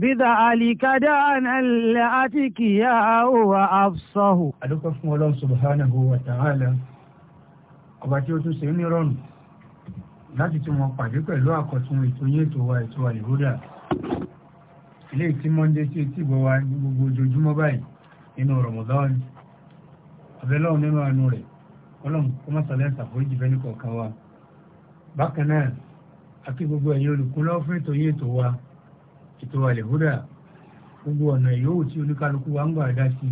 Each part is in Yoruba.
بذلك دعنا الأتكياء وأفصه أدوك فمو الله سبحانه وتعالى ọba tí ó tún ṣe ní rọrùn láti tún wọn pàdé pẹ̀lú àkọ̀tún ètò yín ètò wa ètò àlèhódà ilé tí mọ́ndé tí etí ìbọ̀ wa ní gbogbo ojoojúmọ́ báyìí nínú Ramadan abẹ́lọ́run ètò àlèhódà gbogbo ọ̀nà ìyówù tí oníkálukú wa ń gbà dá sí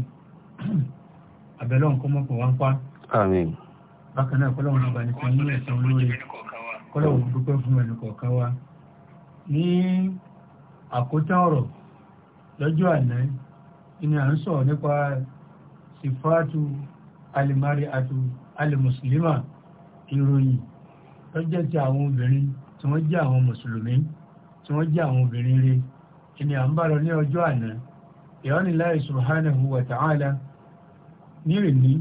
abẹ́lọ́ nǹkan mọ́pọ̀ wá ń pa. àmín. bákan náà kọ́lọ́hún náà bá ní kan nílẹ̀ tán lórí kọ́lọ́hún dúpẹ́ fún ẹnì kọ̀ọ̀kan wa. ní àkótán ọ̀rọ̀ lọ́jọ́ àná ni à ń sọ̀rọ̀ nípa sifatu alimari atu alimusulima ìròyìn tó jẹ́ ti àwọn obìnrin tí wọ́n jẹ́ àwọn mùsùlùmí tí wọ́n jẹ́ àwọn obìnrin rere ìní à ń bá lọ ní ọjọ́ àná ìránniláì subhanahu wa ta'ala nírìní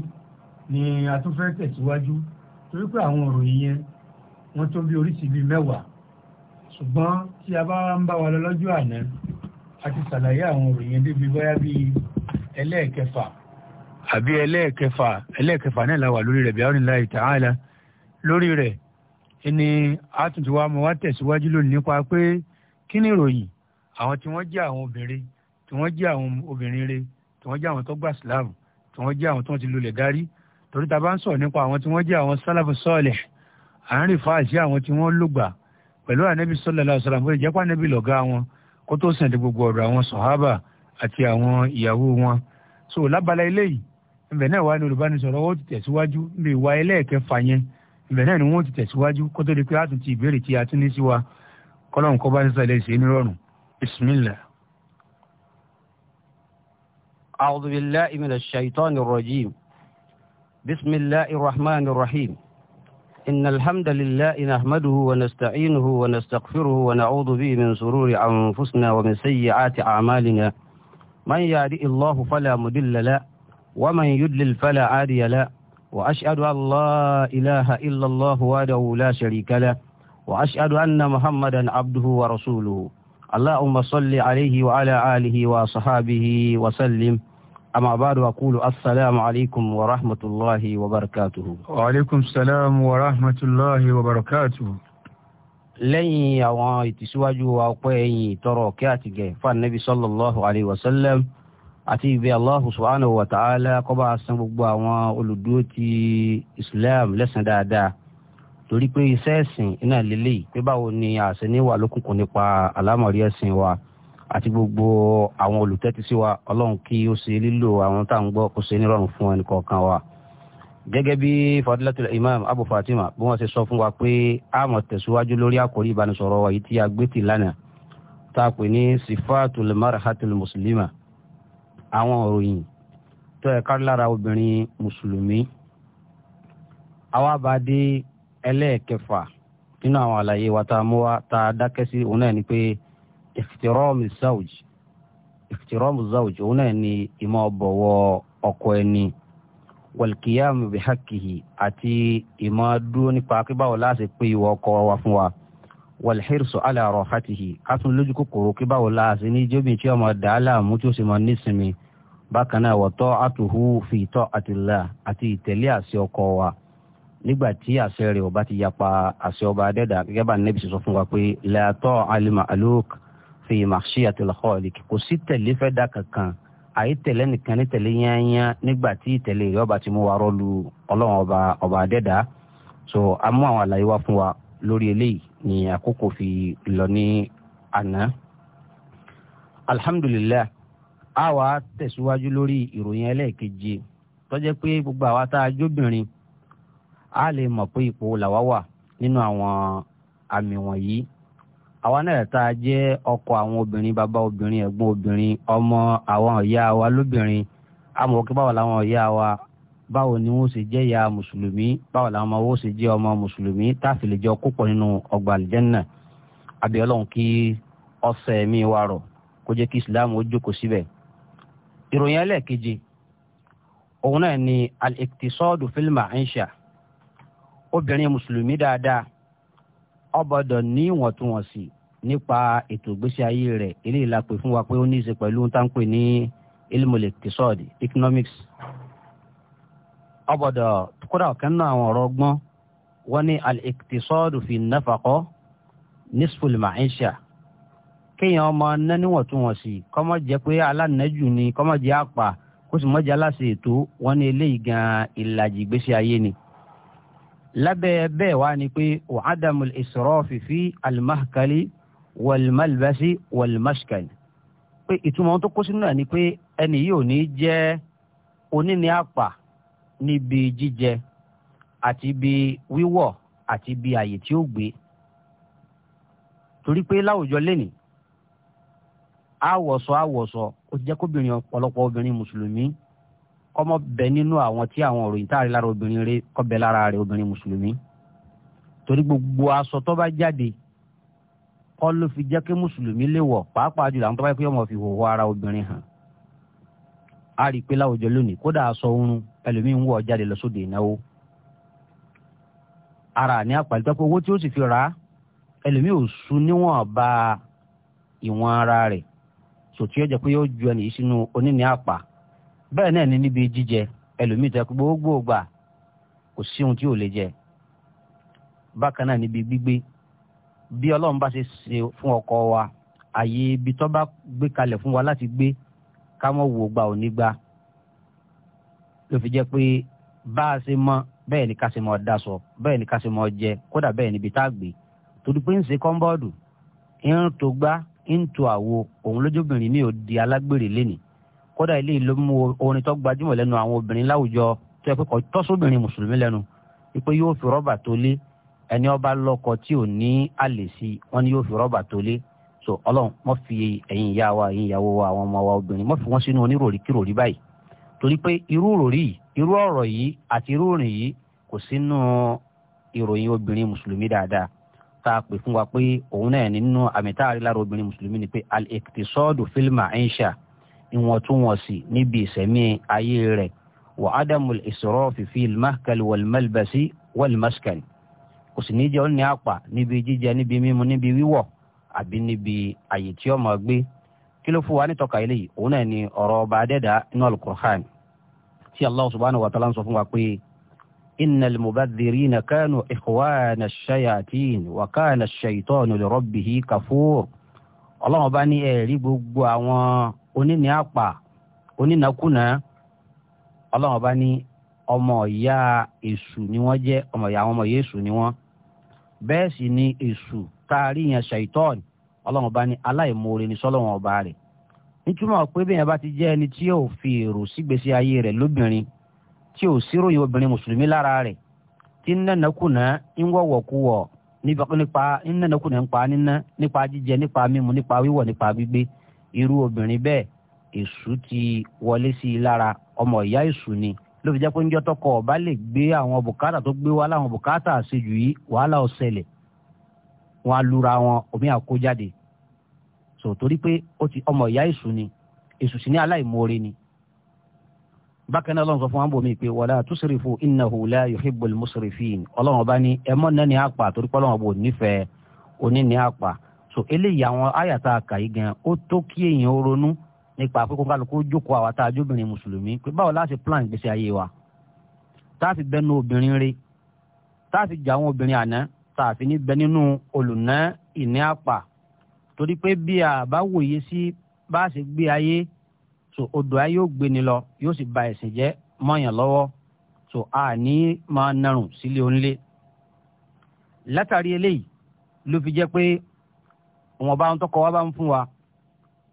ni a tún fẹ́ tẹ̀síwájú torí pé àwọn òròyìn yẹn wọ́n tó bí oríṣi bíi mẹ́wàá ṣùgbọ́n tí a bá ń bá wa lọ lọ́jọ́ àná a ti ṣàlàyé àwọn òròyìn yẹn débi bóyá bíi ẹlẹ́ẹ̀kẹfà àbí ẹlẹ́ẹ̀kẹfà ẹlẹ́ẹ̀kẹfà náà la wà lórí rẹ̀ bí ta'ala lórí rẹ̀ ẹni a tún ti wá mọ wá tẹ̀síwájú lónìí nípa pé kí ni ìròyìn àwọn tí wọ́n jẹ́ àwọn obìnrin tí wọ́n jẹ́ àwọn obìnrin re tí wọ́n jẹ́ àwọn tó gbà síláàmù tí wọ́n jẹ́ àwọn tó ti lulẹ̀ dárí torí ta bá ń sọ̀rọ̀ nípa àwọn tí wọ́n jẹ́ àwọn sálàfù sọ́ọ̀lẹ̀ à ń rìn fáàsì àwọn tí wọ́n lùgbà pẹ̀lú ànábì sallallahu alaihi wasallam ìjẹ́pá ànábì lọ̀gá wọn kó tó sìn dé gbogbo ọ̀rọ̀ àwọn sọ̀hábà àti àwọn ìyàwó wọn so lábala eléyìí ibẹ̀ náà wà ní olùbánisọ̀rọ̀ wọ́n ti tẹ̀síwájú ibi ìwà ẹlẹ́ẹ̀kẹfà yẹn ibẹ̀ náà ni wọ́n ti tẹ̀síwájú kó tó di pé a ìbéèrè tí a tún ní sí kọ́lọ́run kó bá ní sàlẹ̀ ìṣe nírọ̀rùn بسم الله أعوذ بالله من الشيطان الرجيم بسم الله الرحمن الرحيم إن الحمد لله نحمده ونستعينه ونستغفره ونعوذ به من سرور أنفسنا ومن سيئات أعمالنا من يهدئ الله فلا مدل له ومن يدلل فلا هادي له وأشهد أن لا إله إلا الله وحده لا شريك له وأشهد أن محمدا عبده ورسوله اللهم صل عليه وعلى آله وصحابه وسلم أما بعد أقول السلام عليكم ورحمة الله وبركاته وعليكم السلام ورحمة الله وبركاته lẹ́yìn àwọn ìtìsíwájú wa ọpẹ́ ẹ̀yìn ìtọrọ kí àti gẹ̀ fànẹ́bí sallallahu alayhi wa sallam àti ìbẹ̀ Allahu subhanahu wa ta'ala kó san gbogbo àwọn olùdúró ti Islam lẹ́san dáadáa torí pé iṣẹ́ ẹ̀sìn iná lélẹ̀ pé báwo ni àṣẹ níwà lókùnkùn nípa àlámọ̀rí ẹ̀sìn wa àti gbogbo àwọn olùtẹ́tí sí wa ọlọ́run kí ó ṣe lílo àwọn tá à ń gbọ́ kó ṣe nírọ̀rùn fún ẹnì kọ̀ọ̀kan wa. gẹ́gẹ́ bí fadilatul imam abu fatima bí wọ́n ṣe sọ fún wa pé a máa tẹ̀síwájú lórí àkórí ìbánisọ̀rọ̀ wa yìí tí a gbé tì lánàá tá a pè ní sifatul marhatul muslima àwọn òròyìn tó ẹ̀ka lára obìnrin mùsùlùmí. àwa bá ẹlẹ́ẹ̀kẹfà nínú àwọn àlàyé wa tá a mú wa tá a dákẹ́ sí òun náà ni pé ìfìtìrọ́ọ̀mù zawj ìfìtìrọ́ọ̀mù zawj òun náà ni ìmọ̀ bọ̀wọ̀ ọkọ ẹni wàlkìyàmù bìhákìhì àti ìmọ̀ dúró nípa kíbáwò láti pé ìwọ ọkọ wa fún wa wàlhírsù aláàrọ̀ hátìhì a tún lójú kòkòrò kíbáwò láti ní jóbi tí ọmọ dàálà mú tí ó sì mọ nísìnyí bákan náà wọ̀tọ́ àtùhù fìtọ́ àtìlá àti ìtẹ̀lé àṣẹ ọkọ wa nígbà tí àṣẹ rẹ̀ ò bá ti yapa àṣẹ ọba adẹ́dà gẹ́gẹ́ bá nẹ́bí sọ fún wa pé lẹ́àtọ́ alima aluk fi màṣí àtìlọ́kọ́ ọ̀lì kò sí tẹ̀lé fẹ́ dá kankan àyè tẹ̀lé nìkan ní tẹ̀lé yányá nígbà tí tẹ̀lé rẹ̀ ọba ti mú wa rọ́ọ̀lù ọlọ́run ọba ọba adẹ́dà so a mú àwọn àlàyé wa fún wa lórí eléyìí ní àkókò fi lọ ní àná alhamdulillah a wá tẹ̀síwájú lórí ìròyìn ẹlẹ́ẹ̀keje tó jẹ́ pé gbogbo àwa tá a jóbìnrin a lè mọ̀ pé ipò làwa wà nínú àwọn àmì wọ̀nyí àwa náà tá jẹ́ ọkọ àwọn obìnrin bàbá obìnrin ẹ̀gbọ́n obìnrin ọmọ àwọn ìyá wa lóbìnrin amòkè báwo làwọn ìyá wa báwo ni wọ́n ṣe jẹ́ ìyá mùsùlùmí báwo làwọn ọmọ wọ́n ṣe jẹ́ ọmọ mùsùlùmí tá a sì lè jọ kópọ̀ nínú ọgbà àlìjẹ́nà àbí ọlọ́run kí ọ̀sẹ̀ mi wà rọ̀ kó jẹ́ kí islam ó jókòó síbẹ̀. ìròyìn ẹlẹ́ẹ̀keje òun náà ni al-iqtisadu fil ma'isha obìnrin mùsùlùmí dáadáa ó gbọ́dọ̀ ní ìwọ̀ntúnwọ̀nsì nípa ètò ìgbésí ayé rẹ̀ eléyìí la pè fún wa pé ó ní í ṣe pẹ̀lú ohun tá ń pè ní ilmọ̀lẹ̀ tẹ̀sọ́ọ̀dì economics ó kódà ọ̀kan náà àwọn ọ̀rọ̀ ọgbọ́n wọ́n ní al-iqtisadu fi nafaqo nisful ma'isha kéèyàn ọmọ ná níwọ̀ntúnwọ̀nsì kọ́mọ jẹ́ pé alánàájú ni kọ́mọ jẹ́ àpà kó sì mọ́ jẹ́ aláṣẹ ètò wọ́n ní eléyìí gan ìlàjì ìgbésí ayé ni lábẹ́ bẹ́ẹ̀ wá ni pé wa adamul israfi fi al-mahkali wal-malbasi wal-mashkali pé ìtumọ̀ tó kó sínú ẹ̀ ni pé ẹni yìí ò ní jẹ́ oníní àpà níbi jíjẹ àti ibi wíwọ̀ àti ibi àyè tí ó gbé torí pé láwùjọ lénìí àwọ̀sọ àwọ̀sọ ó jẹ́ kóbìnrin ọ̀pọ̀lọpọ̀ obìnrin mùsùlùmí kọ́mọ bẹ nínú àwọn tí àwọn òròyìn táàrí lára obìnrin rẹ kọ́ bẹ lára rẹ obìnrin mùsùlùmí torí gbogbo aṣọ tó bá jáde kọ́ ló fi jẹ́ kí mùsùlùmí lè wọ̀ pàápàá jùlọ àwọn tó bá yẹ ọmọ fi hòhò ara obìnrin hàn á rí i pé láwùjọ lónìí kódà aṣọ oorun ẹlòmíì ń wọ̀ jáde lọ sóde ìnáwó ara ní àpàlítọ́ pé owó tí ó sì fi rà á ẹlòmíì ò sú níwọ̀n bá ìwọ̀n ara rẹ̀ sòtú pé yóò ju ẹnìyí sínú oníní àpà bẹ́ẹ̀ náà ni níbi jíjẹ ẹlòmíì tẹ́ gbogbo gbà kò sí ohun tí ò lè jẹ bákan náà níbi gbígbé bí ọlọ́run bá ṣe ṣe fún ọkọ wa àyè ibi tó bá gbé kalẹ̀ fún wa láti gbé ká mọ̀ wò gba òní gba ló fi jẹ́ pé bá a ṣe mọ bẹ́ẹ̀ ni ká ṣe mọ daṣọ bẹ́ẹ̀ ni ká ṣe mọ jẹ kódà bẹ́ẹ̀ níbi tá a gbé torí pé ń ṣe kọ́ńbọ́ọ̀dù ń tó gbá ń tó àwo òun lójóbìnrin mi ò di alágbèrè lénìí kódà ilé ìlú mú orin tó gbajúmọ̀ lẹ́nu àwọn obìnrin láwùjọ tó yẹ pé kò tọ́sọ́bìnrin mùsùlùmí lẹ́nu wípé yóò fi rọ́bà tó lé ẹni ọba lọ́kọ tí ò ní àlè sí wọn ni yóò fi rọ́bà tó lé so ọlọ́run mọ́ fi ẹ̀yin ìyá wa ẹ̀yin ìyàwó wa àwọn ọmọ wa obìnrin mọ́ fi wọ́n sínú oníròrí kíròrí báyìí torí pé irú ròrí yìí irú ọ̀rọ̀ yìí àti irú òrìn yìí kò sínú ìròyìn obìnrin mùsùlùmí dáadáa tá a pè fún wa pé òun náà nínú àmì tá lára obìnrin mùsùlùmí ni pé al-iqtisadu fil ma'isha ìwọ̀ntúnwọ̀nsì níbi ìsẹ̀mí ayé rẹ̀ wà ádámùl ìsọ̀rọ̀fì fil mahkal wal malbasi wal maskani kò sì ní jẹ́ ó ní àpà níbi jíjẹ níbi mímu níbi wíwọ̀ àbí níbi àyè tí ó máa gbé kí ló fún wa nítọ́ka eléyìí òun náà ni ọ̀rọ̀ ọba adẹ́dà inú alukur'an tí allah subhanahu wa ta'ala sọ fún wa pé innal mubadhirina kanu ikhwana shayatin wa kana shaytanu li kafur ọlọ́run bá ní ẹ̀rí gbogbo àwọn oníní àpà onínàkúnà ọlọ́run ọba ní ọmọ ìyá èṣù ni wọ́n jẹ́ ọmọ ìyá ọmọ ya èṣù ni wọ́n bẹ́ẹ̀ ni èṣù taari yẹn ṣàìtọ́ọ̀nì ọlọ́run ọba ní aláìmoore ní sọ́lọ́run ọba rẹ̀ nítumọ̀ pé bá ti jẹ́ ẹni tí yóò fi èrò ayé rẹ̀ lóbìnrin tí síròyìn obìnrin mùsùlùmí lára rẹ̀ tí ń ń nípa ń ń pa níná nípa jíjẹ nípa mímu nípa wíwọ̀ nípa gbígbé irú obìnrin bẹ́ẹ̀ èṣù ti wọlé sí i lára ọmọ ìyá èṣù ni ló fi jẹ́ pé níjọ́ tọkọ ọba lè gbé àwọn bùkátà tó gbé wá láwọn bùkátà àṣejù yìí wàhálà ọ̀sẹ̀lẹ̀ wọn á lura wọn omi àkójáde sọ torí pé ó ti ọmọ ìyá èṣù ni èṣù sì ní aláìmoore ni bákan náà lọ́nà sọ fún wa ń bò mí pé wala tusrifu innahu la yuhibbul musrifin ọlọ́run ọba ní ẹ̀mọ́ náà ní àpà torí pé ọlọ́run ọba ò nífẹ̀ẹ́ oní àpà so eléyìí àwọn àyàtà àkàyí gan ó tó kí èèyàn ó ronú nípa pé kó kálukú jókòó àwa tá a jóbìnrin mùsùlùmí pé báwo láti plan ìgbésí ayé wa tá a fi bẹnu obìnrin rí tá a fi jà àwọn obìnrin àná tá a fi ní bẹ nínú olùná ìní àpà torí pé bí a bá wòye sí bá a ṣe gbé ayé so odò ayé yóò gbé ni lọ yóò sì ba ẹ̀sìn jẹ́ mọ́yàn lọ́wọ́ so a ní máa narùn sílé onílé látàrí eléyìí ló fi jẹ́ pé wọn bá ń tọkọ wá bá ń fún wa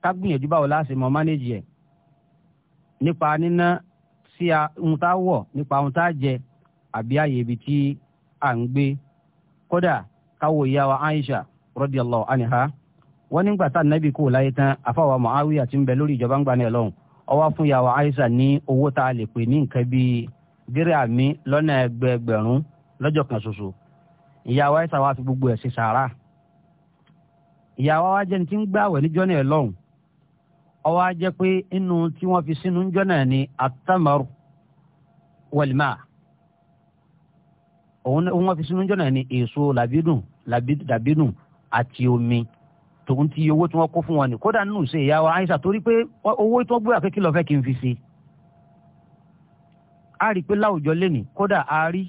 ká gbìyànjú báwo láti mọ mánéjì ẹ nípa níná sí ohun tá a wọ nípa ohun tá a jẹ àbí àyè ibi tí à ń gbé kódà káwọ ìyá wa Aisha radiyallahu anha wọn nígbà tá nàbì kò láyé tán àfàwà Muawiya tí ń bẹ lórí ìjọba ń gbani ẹ lọhùn fún ìyá wa Aisha ní owó tá a lè pè ní nǹkan bíi díríàmì lọ́nà ẹgbẹẹgbẹ̀rún lọ́jọ́ kan ṣoṣo ìyá wa Aisha wa fi gbogbo ẹ̀ ṣe sàárà ìyàwó wa jẹ́ni tí ń gbààwẹ̀ níjọ́ náà lọ́hùn ó wá jẹ́ pé inú tí wọ́n fi sínú níjọ́ náà ni atamaru wẹ̀lìmá òun wọ́n fi sínú níjọ́ náà ni èso làbídùn làbídùn àti omi tòun ti owó tí wọ́n kó fún wọn ni kódà nínú ìṣe ìyàwó Aisha torí pé owó tí wọ́n gbé àkékè lọ́fẹ́ kí n fi ṣe a rí i pé láwùjọ lẹ́nìí kódà a rí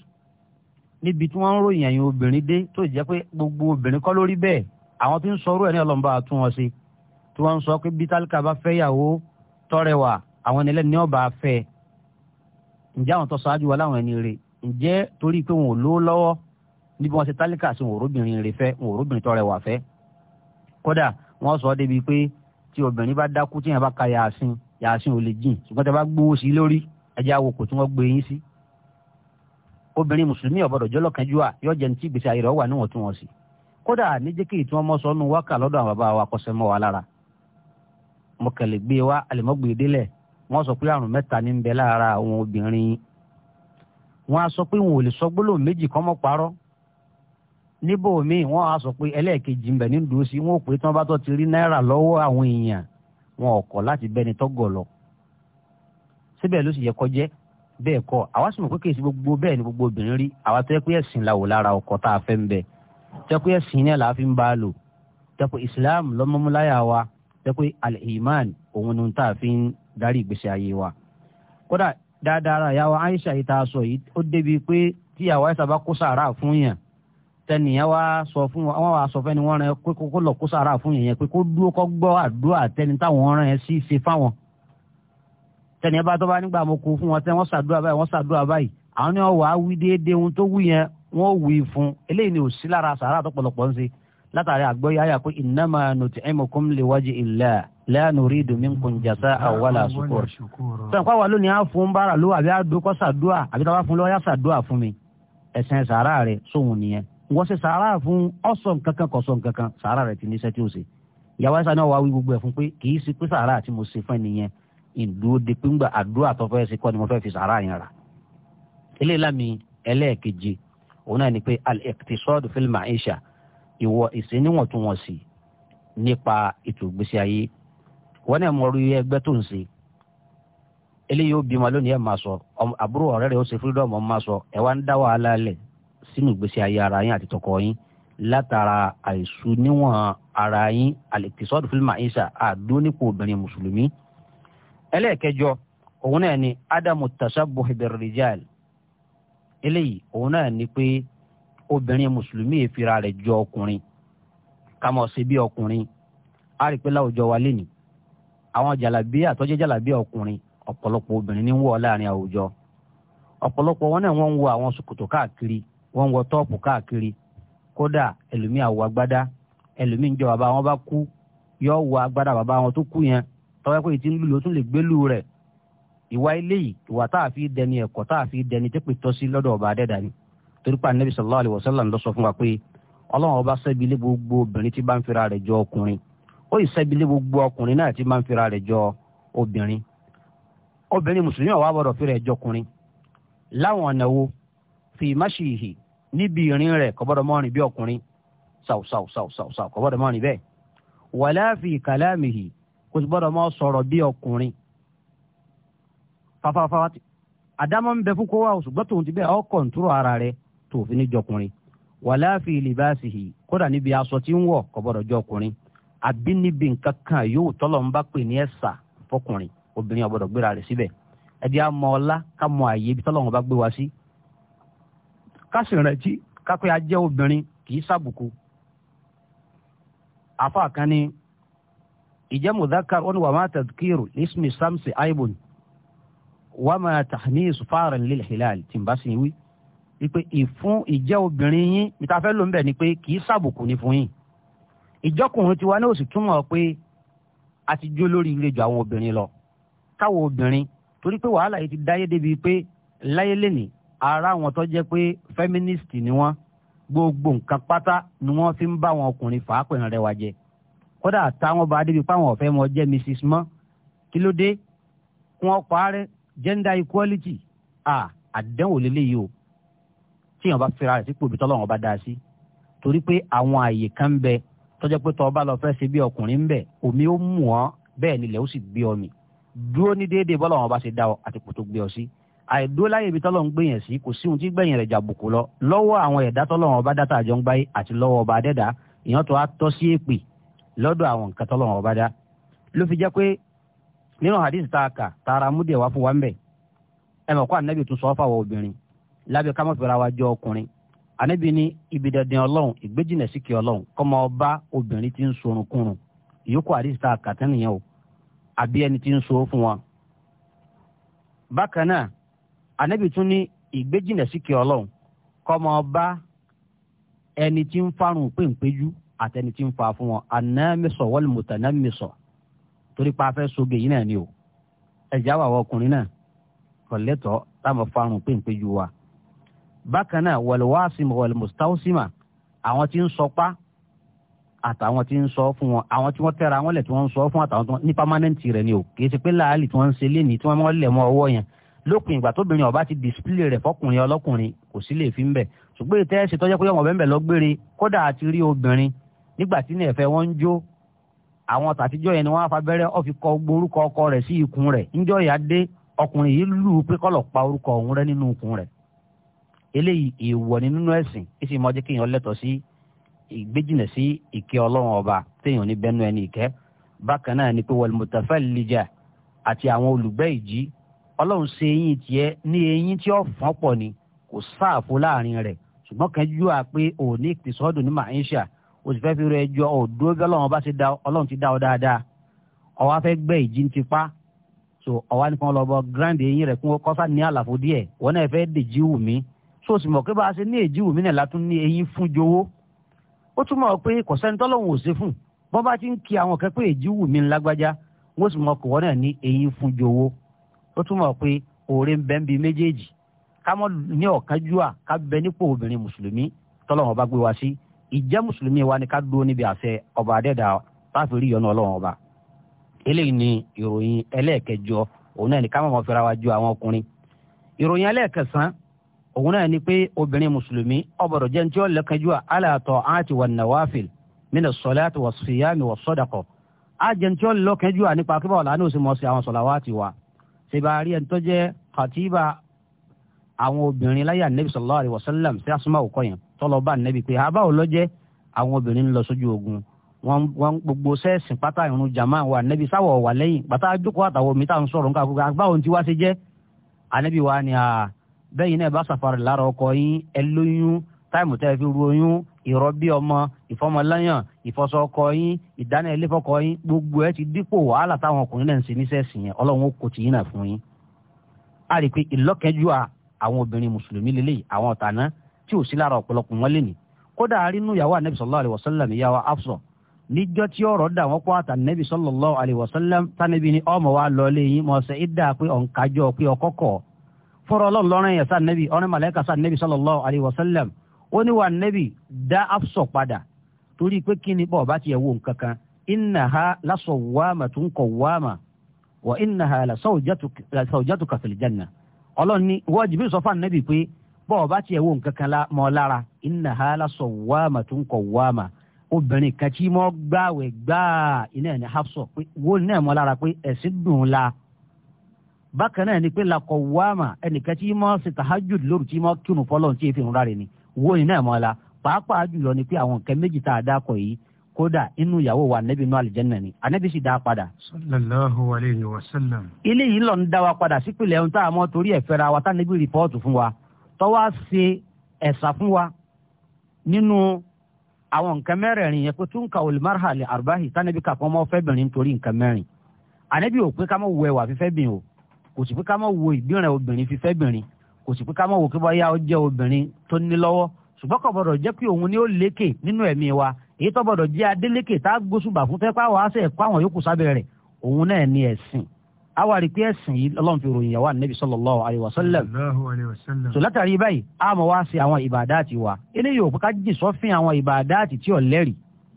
níbi tí wọ́n ń ròyìn ẹ̀yìn obìnrin dé tó jẹ́ pé gbogbo obìnrin kọ́ lórí bẹ́ẹ̀ àwọn tí ń sọ orú ẹ̀ ní ọlọ́mọba àtún wọn sí tí wọ́n ń sọ pé bí tálíkà bá fẹ́ yàwó tọrẹwà àwọn ẹni ẹlẹ́ni ọba fẹ́ ǹjẹ́ àwọn tó ṣáájú wa láwọn ẹni rè ǹjẹ́ torí pé wọn ò lówó lọ́wọ́ níbi wọn ṣe tálíkà sí wọn òróbìnrin rè fẹ́ wọn òróbìnrin tọrẹwà fẹ́ kódà wọ́n sọ débi pé tí obìnrin bá dákú tí yẹn bá ka yàásín yàásín ò lè jìn ṣùgbọ́n tẹ bá gbówó sí lórí ẹjẹ́ awokò tí wọ́n gbé yín sí obìnrin mùsùlùmí ọ̀bọ̀dọ̀ jọ́lọ́kànjúà yóò jẹ́ ní tí ìgbésí ayé rẹ̀ wà níwọ̀ntúnwọ̀nsì kódà níjẹ́ kí ìtumọ̀ mọ́ sọ́nù wákà lọ́dọ̀ àwọn bàbá wa kọsẹ́ mọ́ wa lára mo kẹ̀lé gbé wa àlèmọ́gbè e délẹ̀ wọ́n sọ pé àrùn mẹ́ta ní ń bẹ lára àwọn obìnrin wọ́n á sọ pé wọn ò lè sọ gbólóhùn méjì kọ́ mọ́ parọ́ wọ́n á sọ pé ẹlẹ́ẹ̀kejì ń ní tí wọ́n bá tọ́ ti rí náírà lọ́wọ́ àwọn èèyàn wọn ò kọ̀ láti lọ síbẹ̀ ló sì yẹ kọjẹ́ bẹ́ẹ̀ kọ́ àwa sì mọ̀ pé gbogbo bẹ́ẹ̀ ni gbogbo obìnrin rí tẹ́kọ̀ ẹ̀sìn náà la fi ń bá lò tẹ́kọ̀ islam lọ́mọmúláyà wa tẹ́kọ̀ al-iman òun ni tá a fi ń darí ìgbésí ayé wa. kódà dáadáa ara yàwá aisha yìí tá a sọ yìí ó débi pé tí yàwá aisha bá kó sàárà fún yàn tẹnìyàn wá sọ fún wọn wá sọ fẹ́ni wọ́n rẹ pé kó lọ kó sàárà fún yẹn pé kó dúró kó gbọ́ àdúrà tẹni táwọn rẹ sí ṣe fáwọn tẹnìyàn bá tọ́ bá nígbà mo kó fún wọn tẹ wọ́n ṣàdúrà báyìí wọ́n ṣàdúrà báyìí àwọn ni wọ́n wàá wí déédéé ohun tó wù yẹn wọ́n wí fún eléyìí ni ò sí lára sàárà tó pọ̀lọpọ̀ ń ṣe látàrí àgbọ́yé àyà pé innama nut'imukum liwaji illah la nuridu minkum jaza'an wala shukura. sọ̀rọ̀ pàwọ́ lónìí á fún bára ló àbí àdókọ́ sàdúà àbí tá a bá fún lọ́wọ́ yá sàdúà fún mi ẹ̀sìn sàárà rẹ̀ sóhun nìyẹn wọ́n ṣe sàárà fún ọ̀sán kankan kọ̀sán kankan sàárà rẹ̀ ti níṣẹ́ tí ó ṣe ìyàwó ẹ̀sán náà wá wí gbogbo ẹ̀ fún pé kì í ṣe pé sàárà tí mo ṣe fún ẹ nìyẹn ìdúró òun náà ni pé al-iqtisadu fil ma'isha ìwọ ìsíníwọ̀ntúnwọ̀nsì nípa ètò ìgbésí ayé wọn náà mọ̀ọ́rú ẹgbẹ́ tó ń ṣe eléyìí ó bímọ lónìí ẹ̀ máa sọ àbúrò ọ̀rẹ́ rẹ̀ ó ṣe freedom ọ̀ máa sọ ẹ̀ wá ń dá wàhálà lẹ̀ sínú ìgbésí ayé ara yín àti tọkọ yín látara àìsù ara yín al-iqtisadu fil ma'isha àdónípò obìnrin mùsùlùmí ẹlẹ́ẹ̀kẹjọ òun náà ni adamu tashabbuh bir eléyìí òun náà ni pé obìnrin mùsùlùmí èfira rẹ̀ jọ ọkùnrin kàmọ́ sí bí ọkùnrin á rí pé láwùjọ wa lé ní àwọn jàlábíyà tó jẹ́ jàlábíyà ọkùnrin ọ̀pọ̀lọpọ̀ obìnrin ní ń wọ̀ láàrin àwùjọ ọ̀pọ̀lọpọ̀ wọn náà wọ́n ń wọ àwọn ṣòkòtò káàkiri wọ́n ń wọ tọ́ọ̀pù káàkiri kódà ẹlòmíì àwọ̀ agbádá ẹlòmíì ń jọ bàbá wọn bá kú yọ wọ agbádá bàbá wọn tó kú yẹn tọ́wọ́ pé ìtì ló tún lè gbélú rẹ̀ ìwà eléyìí ìwà tá a fi dẹni ẹ̀kọ́ tá a fi dẹni tẹpẹ tọsí lọ́dọ̀ ọba adẹdà ni torí pa anabi sallallahu alayhi wa sallam lọ sọ fún wa pé Ọlọ́run ọba sẹbilé gbogbo obìnrin tí bá ń fira rẹ̀ jọ ọkùnrin ó yìí sẹbilé gbogbo ọkùnrin náà tí bá ń fira rẹ̀ jọ obìnrin obìnrin mùsùlùmí ọwọ àbọdọ fira ẹ jọkùnrin láwọn ọ̀nà wo fi máṣíhì níbi ìrìn rẹ̀ kọ́bọ́dọ̀ mọ́rin bí ọkùnrin ṣàwùṣàwùṣàwùṣàwù kọ́bọ́dọ̀ mọ́rin bẹ́ẹ̀ wàláàfin kàlámìhì kò sì fáfáfá àdámọ́ ń bẹ fún kó wà o ṣùgbọ́n tòun ti bẹ́ẹ̀ ọ́ kọ̀ǹtúrò ara rẹ tó fi ní jọkùnrin wàlá fi libáàsìhì kódà níbi aṣọ tí ń wọ̀ kò gbọ́dọ̀ jọkùnrin àbí níbi nǹkan kan yóò tọ́lọ̀ ń bá pè ní ẹ̀sà fọkùnrin obìnrin ò gbọ́dọ̀ gbéra rẹ̀ síbẹ̀ ẹ̀dí àmọ́ ọlá ká mọ àyè ibi tọ́lọ̀ wọn bá gbé wa sí. ká sì rántí kápẹ́ ajẹ́ obìnrin kì í sàbùkù àfa kan ní ìjẹ́ mudhakar wọn wà má tadhkiru ismi wà máa tàní ìsúfààrẹ̀ nílé hilal tí n bá sì wí wípé ìfún ìjẹ́ obìnrin yín mi ta fẹ́ ló ń bẹ̀ ni pé kì í sàbùkù ni fún yín ìjọkùnrin tiwa náà sì túmọ̀ pé a ti jó lórí ire àwọn obìnrin lọ káwọn obìnrin torí pé wàhálà yìí ti dáyé débi pé láyé lénìí ara wọn tó jẹ́ pé feminist ni wọ́n gbogbo nǹkan pátá ni wọ́n fi ń bá àwọn ọkùnrin fàápẹ̀rẹ̀ rẹwà jẹ kódà táwọn bá débi páwọn ọ̀fẹ́ mọ jẹ́ mrs mọ́ kí ló dé wọn parẹ́ gender equality à àdánwò lélẹ́yìí o tí èèyàn bá fira rẹ̀ sípò ibi tọ́lọ́wọ́n bá dáa sí torí pé àwọn àyè kan bẹ tọ́jọ́ pé tọ́ọ́ bá lọ fẹ́ ṣe bí ọkùnrin ń bẹ omi ó mú ọ bẹ́ẹ̀ nílẹ̀ ó sì gbé ọ mì dúró ní déédéé bọ́lá wọn bá ṣe dá ọ àti kò tó gbé ọ sí àìdúró láyè ibi tọ́lọ́ ń gbèyàn sí kò sí ohun tí gbẹ̀yìn rẹ̀ jàbùkù lọ lọ́wọ́ àwọn ẹ̀dá tọ́lọ́ wọn bá dá tàjọ ń gbáyé àti lọ́wọ́ ọba adẹ́dá ìyàn tó á tọ́ sí èpè lọ́dọ̀ àwọn nǹkan tọ́lọ́ wọn bá dá ló fi jẹ́ pé nínú hadith tá a kà tààrà múdìẹ̀ wá fún wa ń bẹ̀ ẹ mọ̀ kó ànábì tún sọ fáwọn obìnrin lábẹ́ ká má fẹ́ra wa jọ ọkùnrin ànábì ní ibi dandan ọlọ́run ìgbéjìnà síkì ọlọ́run kọ́ mọ ọba obìnrin tí ń sorunkúrun ìyókù hadith tá a kà tẹ́nìyẹn o àbí ẹni tí ń so fún wọn. bákan náà ànábì tún ní ìgbéjìnà síkì ọlọ́run kọ́ mọ ọba ẹni tí ń farun péńpéjú àtẹni tí ń fa fún wọn ànámísọ̀ wọ́n mọ̀tànámísọ̀ torí pa afẹ́ soge yìí náà ni o ẹ̀já wà wọ ọkùnrin náà kọ̀lẹ́tọ̀ táwọn farun péńpé ju wa. bákan náà wọ̀lúwàásìmù wọ̀lúmùsítáwùsìmà àwọn tí ń sọpá àtàwọn tí ń sọ fún wọn àwọn tí wọ́n tẹ́ra wọn lẹ̀ tí wọ́n ń sọ fún àtàwọn tí wọ́n ní pámánẹ́ǹtì rẹ̀ ni o kì í ṣe pé láàlì tí wọ́n ń ṣe lé ní tí wọ́n lẹ̀ mọ́ ọwọ́ yẹn lópin ìgbà tóbìnrin ọba ti display rẹ̀ fọkùnrin ọlọ́kùnrin kò sí lè fi ń bẹ̀ ṣùgbọ́n ìtẹ́ẹ̀sì tọ́jọ́ pé ọmọ bẹ́ẹ̀ lọ gbére kódà àti rí obìnrin nígbà tí ní ẹ̀fẹ́ wọn ń jó àwọn tàtijọ́ yẹn ni wọ́n á fa abẹ́rẹ́ ọ́ fi kọ orúkọ ọkọ rẹ̀ sí ikùn rẹ̀ níjọ́ ìyá dé ọkùnrin yìí lù ú pé kọ́lọ̀ pa orúkọ òun rẹ̀ nínú ikùn rẹ̀ eléyìí èèwọ̀ ni nínú ẹ̀sìn èsì mọ́ jẹ́ kéèyàn lẹ́tọ̀ sí ìgbéjìnà sí ìkẹ́ ọlọ́run ọba téèyàn ní bẹ́nu ẹni ìkẹ́ bákan náà ni pé wal mutafallija àti àwọn olùgbẹ́ ìjì ọlọ́run ṣe eyín tiẹ̀ ní eyín tí ó fọ́n pọ̀ ni kò sáàfo láàrin rẹ̀ ṣùgbọ́n kẹjú à pé òní ìtìsọ́dún ní màáyíṣà o sì fẹ́ fi rẹ jọ ọ dúró bí ọlọ́run bá ti da ọlọ́run ti dá ọ dáadáa ọwọ́ afẹ́ gbẹ́ ìjì ń ti pa so ọwọ́ nìkan lọ bọ grand eyín rẹ̀ kún kọ́sá ní àlàfo díẹ̀ wọn náà fẹ́ dèjì wù mí so o sì mọ̀ pé bá a ṣe ní èjì wù mí náà látún ní eyín fún jowó ó túmọ̀ pé kò sẹ́ni tọ́lọ́run ò ṣe fún bọ́n bá ti ń kí àwọn kẹ́pẹ́ èjì wù mí lágbájá wọ́n sì mọ̀ pé wọ́n náà ní eyín fún jowó ó túmọ̀ pé oore ń bẹ ń bi méjèèjì ká mọ́ ní ọ̀kánjúà ká bẹ nípò obìnrin mùsùlùmí tọ́lọ́run ọba gbé wa sí ìjẹ́ mùsùlùmí wa ni ká dúró níbi àṣẹ ọba adẹ́dà láti rí ọlọ́run ọba eléyìí ni ìròyìn ẹlẹ́ẹ̀kẹjọ òun náà ni ká mọ̀mọ́ fẹ́ra wa ju àwọn ọkùnrin ìròyìn ẹlẹ́ẹ̀kẹsàn òun náà ni pé obìnrin mùsùlùmí ọbọ̀dọ̀ jẹ́ tí ó lẹ́kẹjú aláàtọ̀ àti wà nàwáfìl mínà sọ̀lá àti wà síyámi wà sọ́dàkọ̀ àjẹ́ tí ó lọ́kẹjú nípa kí báwọn lánàá ó àwọn sọ̀lá wa ti wà ṣèbáàrí ẹ̀ ń tọ́jẹ́ kàtíbà àwọn obìnrin láyà nẹ́bí sallallahu alaihi wasallam sí asúmọ̀ òkọ yẹn tọ́lọ bá nẹ́bí pé àbá ò lọ́jẹ́ àwọn obìnrin ń lọ sójú ogun wọn gbogbo sẹ́ẹ̀sì pátá ìrun jama wa nẹ́bí sáwọ̀ wà lẹ́yìn pátá jókòó àtàwọn omi táwọn sọ̀rọ̀ nǹkan àkókò àgbà òun ti wá sí jẹ́ ànẹ́bí wa ni bẹ́yìn náà bá sàfarì lára ọkọ yín ẹ lóyún táìmù tẹ́ fi ru oyún ìrọbí ọmọ ìfọmọláyàn ìfọsọ ọkọ yín ìdáná fọkọ yín gbogbo ẹ ti dípò wàhálà táwọn ọkùnrin náà ń ṣe ní sẹ́ẹ̀sì yẹn ọlọ́run ó kò tì í nà fún yín. a rí i pé ìlọ́kẹ́júà àwọn obìnrin mùsùlùmí lélẹ̀ àwọn ọ̀tàná tí ò sí lára ọ̀pọ̀lọpọ̀ wọn lè ní kódà arínú ìyàwó ànẹ́bí sallallahu alaihi wasallam ìyàwó Afsa níjọ́ tí ọ̀rọ̀ dà wọ́n pọ̀ àtànẹ́bí sallallahu alaihi wasallam tánẹ́bí ni ọmọ wa lọ lé yín mọ̀ ṣe ìdá pé ọ̀nkájọ́ pé ọkọ̀ kọ̀ fọ́rọ̀ ọlọ́run lọ́rùn yẹn sànẹ́bí ọ̀rẹ́ màlẹ́kà sànẹ́bí sallallahu alaihi wasallam ó ní wà nẹ́bí dá Afsa padà torí pé kí ni bọ́ọ̀ ọlọ́run ní ìwọ Jibril sọ fún ànábì pé bọ́ọ̀ bá tiẹ̀ wo nǹkan kan mọ́ lára inna ha la sawwamatun qawwama obìnrin kan tí mọ́ gbààwẹ̀ gbáà iná ẹ̀ ní Hafsa pé wo ní ẹ̀ mọ́ lára pé ẹ̀sìn dùn la bákan náà ni pé la qawwama ẹnìkan tí mọ́ ṣe tahajjud lóru tí mọ́ kírun fọlọ́run tí èéfì rárẹ̀ ni wo ní ẹ̀ mọ́ la pàápàá jùlọ ni pé àwọn nǹkan méjì tá a dákọ̀ yìí kódà inú ìyàwó wa anabi inú alìjẹ́nà ni anabi sì dá a padà. sallallahu alayhi wa sallam. ilé yìí lọ ń dá wa padà sípìlẹ̀ ohun tá a mọ̀ torí ẹ̀ fẹ́ra wa tánibí rìpọ́ọ̀tù fún wa tọ́wọ́ ṣe ẹ̀sà fún wa nínú àwọn nǹkan mẹ́rẹ̀ẹ̀rin yẹn pé tún ka olùmọ́ra àlẹ́ àrùbáyì tánibí kà fún ọmọ fẹ́bìnrin torí nǹkan mẹ́rin anabi ò pé ká mọ̀ wo ẹwà fífẹ́bìn o kò ṣùgbọ́n kò gbọ́dọ̀ jẹ́ pé òun ni ó lékè nínú ẹ̀mí wa èyí tó gbọ́dọ̀ jẹ́ adélékè tá a gbósùbà fún tẹ́pá wàá sẹ̀ kó àwọn yòókù sábẹ́ rẹ̀ òun náà ni ẹ̀sìn awari pé ẹ̀sìn yìí ọlọ́run fi ròyìn yàwó ànábì sallallahu alaihi wasallam tó látàrí báyìí a mọ̀ wá sí àwọn ìbàdáàtì wa eléyìí ò ká jì sọ́fìn àwọn ìbàdáàtì tí ò lẹ́rì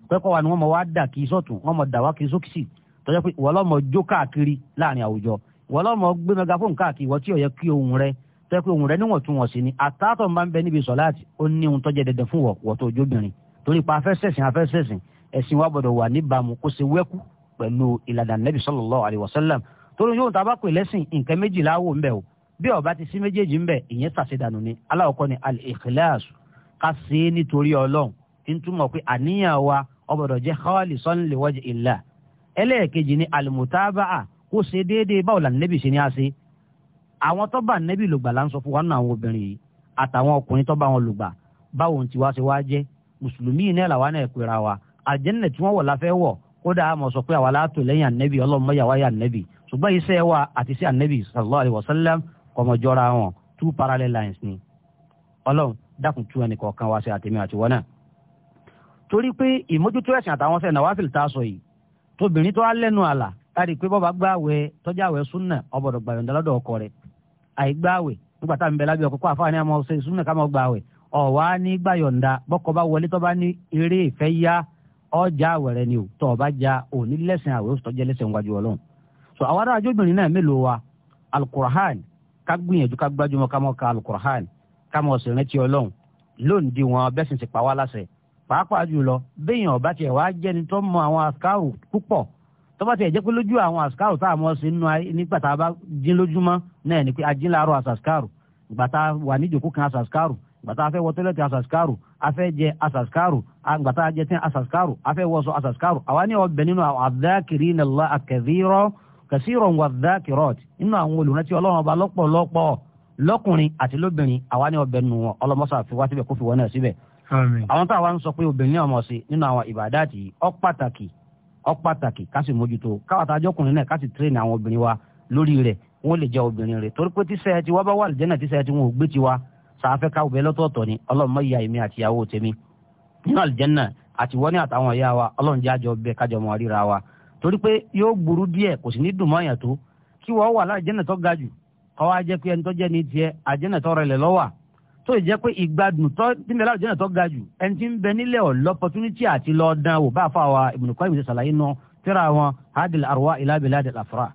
pẹ́kọ̀ wa ni wọ́n mọ̀ wá dà kí sọ́tún wọ́n mọ̀ dà wá kí sókìsì tọ́jọ́ pé ìwọ́lọ́mọ jó káàkiri láàrin àwùjọ ìwọ́lọ́mọ gbé mẹgafóònù káàkiri ìwọ́ tí ò yẹ kí ohun rẹ tẹ́kọ̀ òun rẹ níwọ̀ntúnwọ̀nsì ni àtàtọ̀ máa ń bẹ níbi sọ̀láàtì ó ní ohun tọ́jẹ́ dẹ̀dẹ̀ fún wọ̀ wọ̀ tó ojóbìnrin torí pa afẹ́sẹ̀sìn afẹ́sẹ̀sìn ẹ̀sìn wa gbọ́dọ̀ wà níbàámu kó ṣe wẹ́kú pẹ̀lú ìlànà nẹ́bí sallallahu alaihi wasallam torí yóò tá a bá pè lẹ́sìn nǹkan méjì láwò ńbẹ o bí ó ti sí méjèèjì ńbẹ ìyẹn tàṣedànù ni aláwọ̀kọ́ ni al-ikhlas ká ṣe é nítorí ọlọ́run tí ń túmọ̀ pé àníyàn wa ó gbọ́dọ̀ jẹ́ khalisan li wajhi illah ẹlẹ́ẹ̀kejì ni al-mutaba'a kó ṣe déédéé báwo làǹdẹ́bì ṣe ni a ṣe àwọn tó bá nẹ́bí lògbà là ń sọ fún wa nínú àwọn obìnrin yìí àtàwọn ọkùnrin tó bá wọn lògbà báwo ti wá ṣe wá jẹ́ mùsùlùmí iná làwa náà pera wa àjẹ́nà tí wọ́n wọ̀ la fẹ́ wọ̀ kódà àmọ́ sọ pé àwa látò lẹ́yìn ànẹ́bí ọlọ́mọyàwá yà ànẹ́bí ṣùgbọ́n iṣẹ́ wa àti iṣẹ́ ànẹ́bí sallallahu alaihi wasallam kọmọjọ́ra wọn parallel lines ni ọlọ́run dákun tú ẹnì kọ̀ọ̀kan wá sí àtẹ̀mí àti wọn náà torí pé ìmójútó ẹ̀sìn àtàwọn sẹ́yìn nàwáfíìl tá a sọ yìí tóbìnrin tó á lẹ́nu àlà láti pé bọ́ba gbáwẹ̀ tọ́jà àwẹ̀ súnà ọbọ̀dọ̀ gbàyọ̀ndà lọ́dọ̀ ọkọ rẹ̀ àìgbàwẹ̀ nígbà tá à ń bẹ lábẹ́ ọkọ̀ àfáàní àmọ́ ṣe ìsúnmọ̀ ká mọ́ gbàwẹ̀ ọ̀wá ní gbàyọ̀ǹda bọ́kọ bá wọlé tó bá ní eré ìfẹ́ yá ọjà àwẹ̀rẹ̀ ni ò tó ọba ja òní lẹ́sìn àwẹ̀ oṣù tọ́jẹ́ lẹ́sìn wájú ọlọ́run so àwọn ará ajóbìnrin náà mélòó wa alukurahan ká gbìyànjú ká gbájúmọ́ ká mọ́ ka alukurahan ká mọ́ sì rántí ọlọ́run lóǹdí wọn bẹ́sìn ti pa wá láṣẹ pàápàá jùlọ béèyàn ọba tiẹ̀ wá jẹ́ni tó mọ àwọn àkàrò púpọ̀ tọ́ba tiẹ̀ jẹ́ pé lójú àwọn àṣkáàrù tá a mọ̀ sí nínú nígbà tá a bá jín lójúmọ́ náà ni pé a jín láàárọ̀ àṣàṣkáàrù ìgbà tá a wà níjòkó kan àṣàṣkáàrù ìgbà tá wọ tọ́lẹ́tì àṣàṣkáàrù a jẹ àṣàṣkáàrù ìgbà jẹ tẹ́ àṣàṣkáàrù a wọṣọ àṣàṣkáàrù àwa ní ọbẹ̀ nínú àwọn adh-dhakirina Allaha kathiran kathiran ń sọ ọ pàtàkì ká sì mójútó káwọn àtàjọkùnrin náà ká sì tírèèni àwọn obìnrin wa lórí rẹ̀ wọ́n lè jẹ́ obìnrin rẹ̀ torí pé tíṣẹ́ ti wá bá wà lìjẹ́nà tíṣẹ́ ti wọn ò gbé ti sàáfẹ́ ká obìnrin lọ́tọ̀ọ̀tọ̀ ni ọlọ́run mọ ìyá èmi àti ìyàwó tèmi nínú àlìjẹ́nà àti wọ́n ní àtàwọn ìyá wa ọlọ́run jẹ́ àjọ bẹ́ẹ̀ kájọ mọ ríra wa torí pé yóò burú díẹ̀ kò sì ní dùn mọ́yàn tó kí wọ́n wà láàjẹ́nà tó ga jù kọ́ wa jẹ́ ẹni tó jẹ́ ní tiẹ̀ àjẹ́nà tó rẹlẹ̀ lọ́wà tó ìjẹ́ pé ìgbádùn tó ti ń bẹ láwùjọ náà tó ga jù ẹni tí ń bẹ nílẹ̀ ọ̀lọ́ opportunity àti lọ dán wò bá fa wa Ibn Qayyim ṣe ṣàlàyé náà tẹ́ra wọn hadil arwa ila biladil afra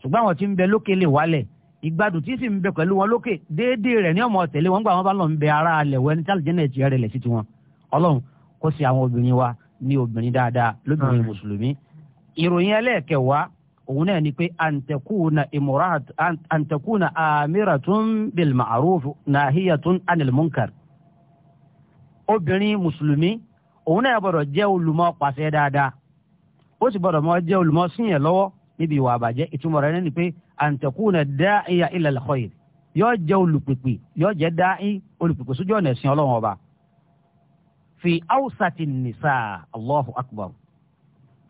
ṣùgbọ́n àwọn tí ń bẹ lókè lè wálẹ̀ ìgbádùn tí sì ń bẹ pẹ̀lú wọn lókè déédéé rẹ̀ ní ọmọ tẹ̀lé wọn gbà wọn bá lọ ń bẹ ara alẹ̀ wọ ẹni tí àlùjẹ́ náà wa òun náà ni pé àǹtẹ̀kùnà ìmùràt àǹtẹ̀kùnà àmìrà tún bil ma'ruf nàhíyà tún anil munkar. obìnrin mùsùlùmí òun náà gbọ́dọ̀ jẹ́ olùmọ̀ pàṣẹ dáadáa ó sì gbọ́dọ̀ mọ́ jẹ́ olùmọ̀ síyàn lọ́wọ́ níbi ìwà àbàjẹ́ ìtumọ̀ rẹ̀ ni pé àǹtẹ̀kùnà dáìyà ilal khair yóò jẹ́ olùpèpè yóò jẹ́ dáì olùpèpè sójú ọ̀nà ẹ̀sìn ọlọ́run ọba fi awsati nisa allahu akbar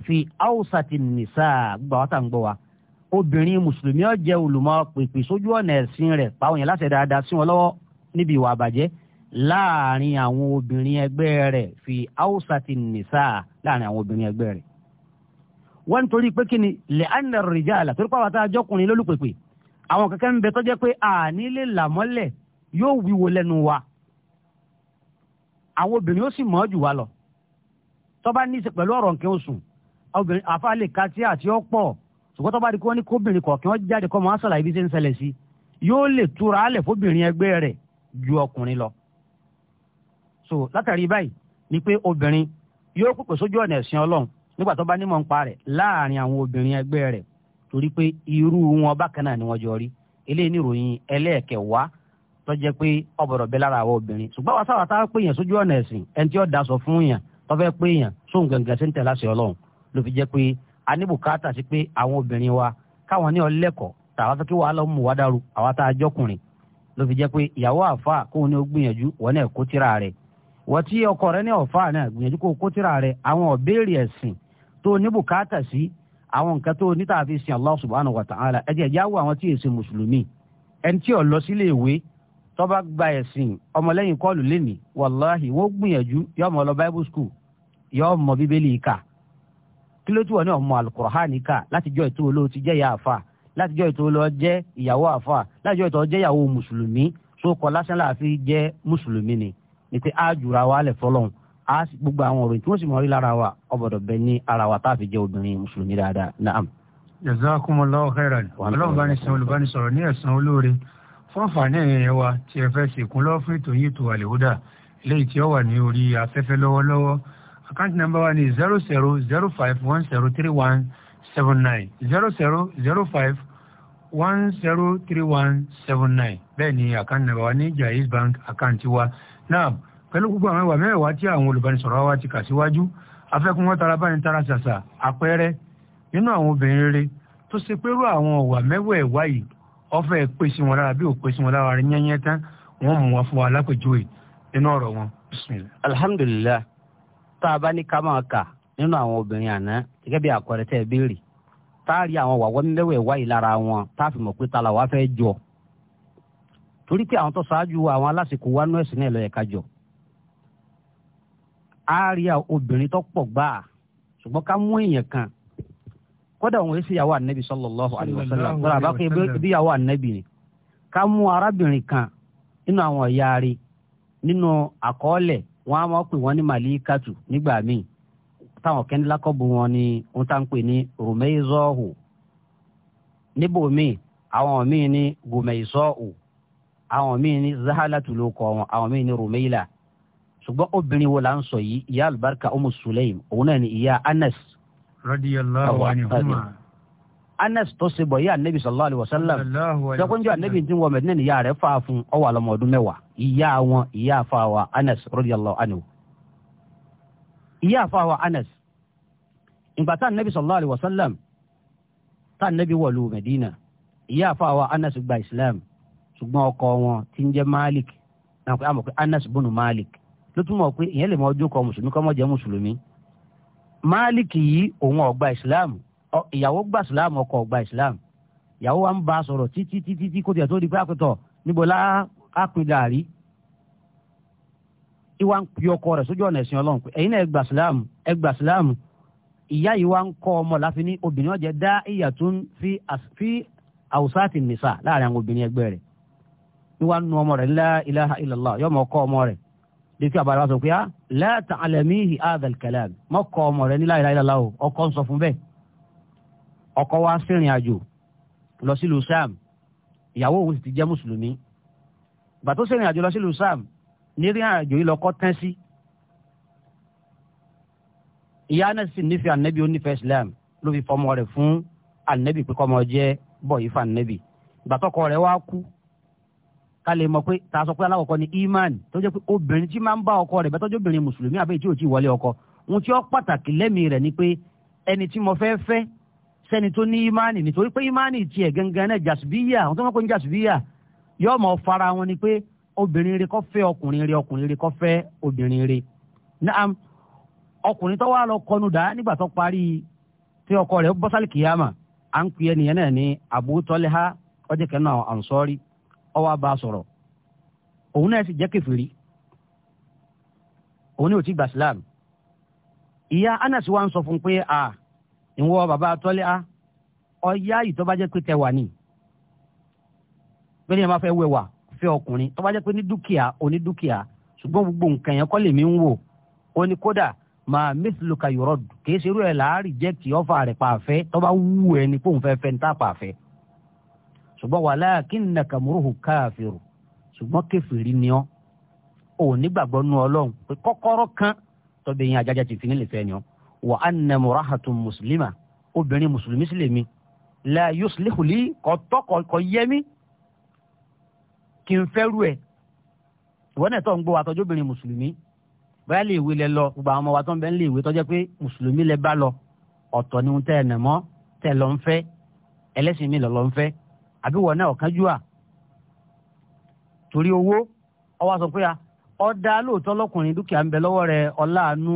fi haúsàtì nìsà gbà wá tà ń gbọ́ wa obìnrin mùsùlùmí ó jẹ́ olùmọ̀ pèpè sójú ọ̀nà ẹ̀sìn rẹ̀ pàwọn yẹn láṣẹ dáadáa sí wọn lọ́wọ́ níbi ìwà àbàjẹ́ láàrin àwọn obìnrin ẹgbẹ́ rẹ̀ fi haúsàtì nìsà láàrin àwọn obìnrin ẹgbẹ́ rẹ̀ wọ́n torí pé kí ni lè ànà rìjà àlà torí pàwọn àtàwọn ajọ́kùnrin lólùpèpè àwọn kẹ́kẹ́ ń bẹ tó jẹ́ pé àní lè là mọ́lẹ̀ yóò wíwo lẹ́nu wa àwọn obìnrin ó sì mọ́ jù wá lọ tó bá ní í ṣe pẹ̀lú ọ̀rọ̀ nǹkan oṣù obìnrin àfa lè ka tí àti ọ̀pọ̀ ṣùgbọ́n tó bá di kí wọ́n ní kóbìnrin kọ̀ọ̀kan wọ́n jáde kọ́ máa sọ̀rọ̀ ibi tí ń ṣẹlẹ̀ sí yóò lè túra alẹ̀ fóbìnrin ẹgbẹ́ rẹ̀ ju ọkùnrin lọ. so látàrí báyìí ni pé obìnrin yóò pèpè sójú ọ̀nà ẹ̀sìn ọlọ́run nígbà tó bá nímọ̀ ń pa rẹ̀ láàrin àwọn obìnrin ẹgbẹ́ rẹ̀ torí pé irú wọn bákan náà ni wọ́n jọ rí eléyìí níròyìn ẹlẹ́ẹ̀kẹwàá tó jẹ́ pé ọ̀bọ̀rọ̀ bẹ lára àwọn obìnrin ṣùgbọ́n wàá sábà táwọn pé èèyàn sójú ọ̀nà ẹ̀sìn ló fi jẹ́ pé a ní bùkátà sí pé àwọn obìnrin wa káwọn ní ọlẹ́kọ̀ọ́ tàwa fẹ́ kí wàhálà mú wa dàrú àwa tá a jọkùnrin ló fi jẹ́ pé ìyàwó àfa kóun ní ó gbìyànjú wọn náà kó tíra rẹ̀ wọ́n tí ọkọ rẹ ní ọ̀fà náà gbìyànjú kó kó tíra rẹ̀ àwọn ọ̀bẹ́ẹ̀rì ẹ̀sìn tó ní bùkátà sí àwọn nǹkan tó ní tàbí sin Allah subhanahu wa ta'ala ẹ ìyàwó àwọn tí èsì mùsùlùmí ẹni tí ò lọ sílé ìwé tó gba ẹ̀sìn ọmọlẹ́yìn kọ́ọ̀lù lẹ́nìí wàláhì wọ́n gbìyànjú yóò mọ lọ bible school yóò mọ bíbélì kà kí ló tí wọ́n ní ọmọ alukur'ani kà látijọ́ ètò olóò ti jẹ́ ìyá àfà látijọ́ ètò olóò jẹ́ ìyàwó àfà látijọ́ ètò jẹ́ ìyàwó mùsùlùmí sókọ lásán láàfi jẹ́ mùsùlùmí ni ni pé a jùra wa lẹ̀ fọlọ́hún a gbogbo àwọn òròyìn tí wọ́n sì mọ̀ wa ọbọ̀dọ̀ bẹ ní ara wa tá a fi jẹ́ obìnrin mùsùlùmí dáadáa naam. jazakumullahu khairan ọlọ́run bá ní san olùbánisọ̀rọ̀ ní ẹ̀sán olóore fún àǹfààní wa tí ẹ fẹ́ sèkún lọ́wọ́ fún ètò yìí tó àlèhúdà léyìí tí ó Account number one is zero zero zero five one zero three one seven nine zero zero zero five one zero three one seven nine bẹ́ẹ̀ ni àkáǹtì nọ́mbà wa ní Jaiz Bank àkáǹtì wa náà pẹ̀lú gbogbo àwọn ìwà mẹ́wàá tí àwọn olùbánisọ̀rọ̀ wa ti kà síwájú afẹ́kún wọn tara báyìí tara ṣàṣà àpẹẹrẹ nínú àwọn obìnrin rere tó ṣe pẹ̀lú àwọn ìwà mẹ́wẹ̀ẹ̀wá yìí ọfẹ́ pèsè wọn lára bí ò pèsè wọn lára rí yẹ́nyẹ́ tán wọ́n mú wọn fún wa lápèjúwe nínú ọ̀rọ̀ wọn. alhamdulilayi tá a bá ní ká máa kà nínú àwọn obìnrin àná gẹ́gẹ́ bí àkọrẹ tẹ́ ẹ béèrè tá a rí àwọn wàwọ́ mẹ́wẹ̀ẹ́ wáyé lára wọn tá a fi mọ̀ pé ta la wàá fẹ́ jọ torí pé àwọn tó ṣáájú àwọn alásìkò wa nú ẹ̀sìn náà ló yẹ ká jọ a rí obìnrin tó pọ̀ gbáà ṣùgbọ́n ká mú èèyàn kan kódà òun èsì ìyàwó ànábì sallallahu alaihi wasallam kódà àbákẹ́ ibi ìyàwó ni ká mú arábìnrin kan nínú àwọn ìyá nínú àkọọ́lẹ̀ wọ́n á máa pè wọ́n ní màlíkàtù nígbà míì táwọn kẹ́ńdílákọ́bù wọn ni wọ́n tá ń pè ní rùmẹ́ìzọ́ọ̀hù níbò míì àwọn míì ní gòmẹ̀ìsọ́ọ̀hù àwọn míì ní zahalatu ló kọ wọn àwọn míì ní rùmẹ́ìlà ṣùgbọ́n obìnrin wo la ń sọ yìí ìyá alùbáríkà ọmọ sùlẹ́yìn òun náà ni ìyá anas. radiyallahu anhuma. anas tó ṣe bọ̀ yìí anabi sallallahu alayhi wa sallam. sọ́kúnjọ́ anabi ti wọ mẹ́tẹ́nì ìyá rẹ̀ fà fún ọwọ́ àlọ́mọdún mẹ́wàá ìyá wọn ìyá àfàwà Anas radiyallahu anhu ìyá àfàwà Anas ìgbà tá nẹ́bí sallallahu alaihi wasallam tá nẹ́bí wọ̀lú Medina ìyá àfàwà Anas gba Islam ṣùgbọ́n ọkọ wọn ti ń jẹ́ Malik náà pé àmọ̀ pé Anas bùnú Malik ló túmọ̀ pé ìyẹn lè mọ ọjọ́ kọ mùsùlùmí kọ́ mọ́ jẹ́ mùsùlùmí Malik yìí òun ọ̀gbà Islam ìyàwó gba Islam ọkọ ọ̀gbà Islam ìyàwó wa ń ba sọ̀rọ̀ títí títí kó tiẹ̀ tó di pé àkótọ̀ níbo lá á pin gàárì ìwà ń pè ọkọ rẹ̀ sójú ọ̀nà ẹ̀sìn ọlọ́run pé ẹ̀yin náà ẹgbà síláàmù ẹgbà síláàmù ìyá yìí wá ń kọ́ ọmọ láfi ní obìnrin ọ̀jẹ̀ dá ìyà tó ń fi àwùsáàtì nìsà láàrin àwọn obìnrin ẹgbẹ́ rẹ̀ ìwà ń nu ọmọ rẹ̀ la ilaha illallah yọ ọmọ kọ́ ọmọ rẹ̀ lẹ́kí àbára sọ pé á ah, la ta'alamihi adal kalam mọ́kọ́ ọmọ rẹ̀ ní la ilaha illallah ọkọ ń sọ fún bẹ́ẹ̀ ọkọ wá sírìn àjò lọ sílùú Ṣáàmù ìyàwó òun sì ti jẹ́ mùsùlùmí bàtó sẹ́rìn àjò lọ sílùú sam nírí àjò yìí lọ́kọ́ tán sí. ìyá anas sì nífẹ̀ẹ́ anabi onífẹ̀ẹ́ islam ló fi fọmọ rẹ̀ fún anabi pé kọ́mọ jẹ́ bọ̀yì fún anabi bàtọ́kọ rẹ̀ wá kú ká lè mọ̀ pé tá a sọ pé alákọ̀ọ́kọ́ ni iman tó jẹ́ pé obìnrin tí máa ń bá ọkọ rẹ̀ bẹ́tọ́jú obìnrin mùsùlùmí àbẹ́ tí ò tí ì wọlé ọkọ ohun tí ó pàtàkì lẹ́mìí rẹ̀ ni pé ẹni tí mo fẹ́ fẹ́ sẹ́ni tó ní imani nítorí pé imani tiẹ̀ gangan náà jàsùbíyà àwọn tó mọ̀ pé ń jàsùbíyà yóò mọ fara wọn ni pé obìnrin rẹ kọ́ fẹ́ ọkùnrin rẹ ọkùnrin rẹ kọ́ fẹ́ obìnrin rẹ naam ọkùnrin tó wà lọ kọnu dá nígbà tó parí tí ọkọ rẹ bọ́sálì kìyàmà ní ọjọ́ kẹ́nà a sọ̀rọ̀ òun náà sì jẹ́ kẹfìrí òun ní òtí gbàsílám ìyá Anas wa ń sọ fún pé a ìwọ bàbá pé wà nìyí pé ní ẹ máa fẹ́ wẹwà fẹ́ ọkùnrin tó bá jẹ́ pé ní dúkìá oní dúkìá ṣùgbọ́n gbogbo nǹkan yẹn kọ́ lèmi ń wò ó ní kódà máa mísìlùkà yọ̀rọ̀ kì í ṣe irú ẹ̀ là á rìjẹ́kì ọ̀fà rẹ̀ pàfẹ́ tó bá wù ẹ́ ní pòun fẹ́ fẹ́ ní tá pàfẹ́ ṣùgbọ́n wàhálà kí n nà kàmúrúhù káàfìrù ṣùgbọ́n kẹfìrí ni ọ́ ò nígbàgbọ́ nu ọlọ́run kọ́kọ́rọ́ la yuslihu li kọ́tọ́kọ̀ kí n fẹ́rù ẹ̀ ìwọ náà tó ń gbọ́ àtọ́jọ́bìnrin mùsùlùmí báyà lè lẹ lọ gbogbo àwọn ọmọ wa tó ń bẹ ń lè pé mùsùlùmí lẹ bá lọ ọ̀tọ̀ ni ń tẹ́ ẹ̀ nàmọ́ tẹ́ lọ fẹ́ ẹlẹ́sìn mi fẹ́ àbí náà torí owó ọwọ́ sọ pé a ọ̀dà lóòótọ́ dúkìá ń bẹ lọ́wọ́ rẹ ọláàánú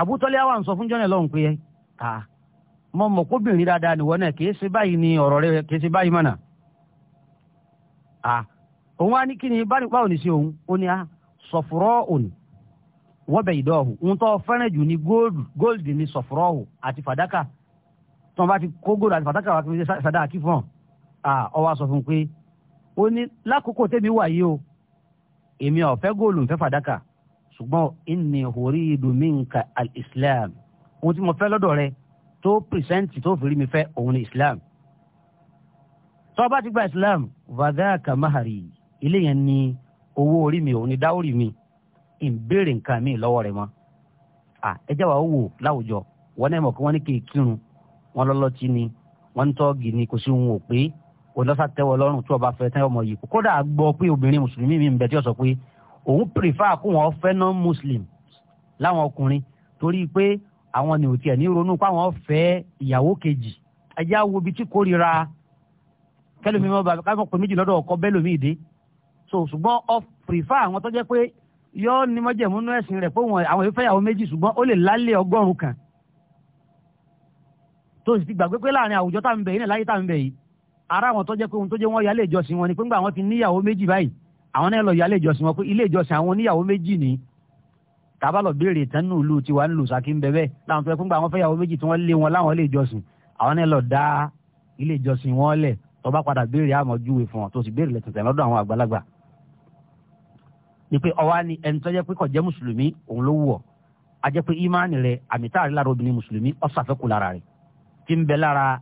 àbútọ́lé àwọn fún ah mo mọ̀ kóbìnrin dáadáa nìwọ náà kì í ṣe báyìí ni ọ̀rọ̀ rẹ kì í ṣe báyìí mọ̀nà ah òun á ní kí ni báwo ni ṣe òun ó ní a sọ̀fùrọ̀ òní wọ́n bẹ̀ ìdọ́ ọ̀hún ohun tó fẹ́ràn jù ní góòlù ní sọ̀fùrọ̀ ọ̀hún àti fàdákà tó bá ti kó góòlù àti fàdákà wà fi ṣe sàdá àkí fún ọ ọ wá sọ fún un pé ó ní lákòókò tèmi wà yìí o èmi ò fẹ́ góòlù ń fẹ́ fàdákà ṣùgbọ́n inni huridu minka al-islam ohun tí mo fẹ́ lọ́dọ̀ rẹ tó pìrìsẹ́ǹtì tó fi rí mi fẹ́ òun ni islam tó bá ti gba islam vadaka mahari ilé yẹn ni owó orí mi òun ni dáórì mi ń béèrè nǹkan mi lọ́wọ́ rẹ mọ́ à ẹ jẹ́ wàá wò láwùjọ wọn náà mọ̀ kí wọ́n ní kí n kírun wọn lọ́lọ́tí ni wọ́n ń tọ́ọ̀gì ni kò sí òun ò pé olọ́sà tẹ́wọ́ lọ́rùn tí ọba fẹ́ tẹ́ ọmọ yìí kódà gbọ́ pé obìnrin mùsùlùmí mi ń bẹ tí ó sọ pé òun pèrífà kó wọn fẹ́ non muslim láwọn ọkùnrin torí pé àwọn ni ò tiẹ̀ ní ronú páwọn fẹ́ ìyàwó kejì ẹjẹ́ awo ibi tí kórira kẹlòmí mọ́ bàbá káfọ́ pé méjì lọ́dọ̀ ọkọ bẹ́lòmí ìdè so ṣùgbọ́n ọ pèfà àwọn tó jẹ́ pé yọ ní mọ́jẹ̀múnú ẹ̀sìn rẹ̀ pé àwọn ìfẹ́ ìyàwó méjì ṣùgbọ́n ó lè lálẹ́ ọgọ́rùn kan tó sì ti gbàgbé pé láàrin àwùjọ tá à ń bẹ̀ yìí náà láyé tá à ń bẹ̀ yìí ara àwọn tó jẹ́ pé ohun tó jẹ́ wọ́n yálé ìjọsìn wọn ni pé ńgbà wọn ti níyàwó méjì báyìí àwọn náà lọ yálé ìjọsìn wọn pé ilé ìjọsìn àwọn oníyàwó méjì nìyí tábàlọ̀ béèrè tán ní ìlú tiwa ń lù sàkí ń bẹ bẹ́ẹ̀ láwọn tó ẹ fúngbà wọn fẹ́yàwó méjì tí wọ́n lé wọn láwọn ilé ìjọsìn àwọn náà lọ dá ilé ìjọsìn wọn lẹ̀ tó bá padà béèrè àmọ́júwe fún ọ tó sì béèrè lẹ́tẹ̀tẹ̀ lọ́dọ̀ àwọn àgbàlagbà. ni pé ọwá ni ẹni tó jẹ́ pé kò jẹ́ mùsùlùmí òun ló wọ̀ a jẹ́ pé ìmánì rẹ̀ àmì táàrí lára obìnrin mùsùlùmí ó ṣàfẹ́kù lára rẹ̀ tí ń bẹ lára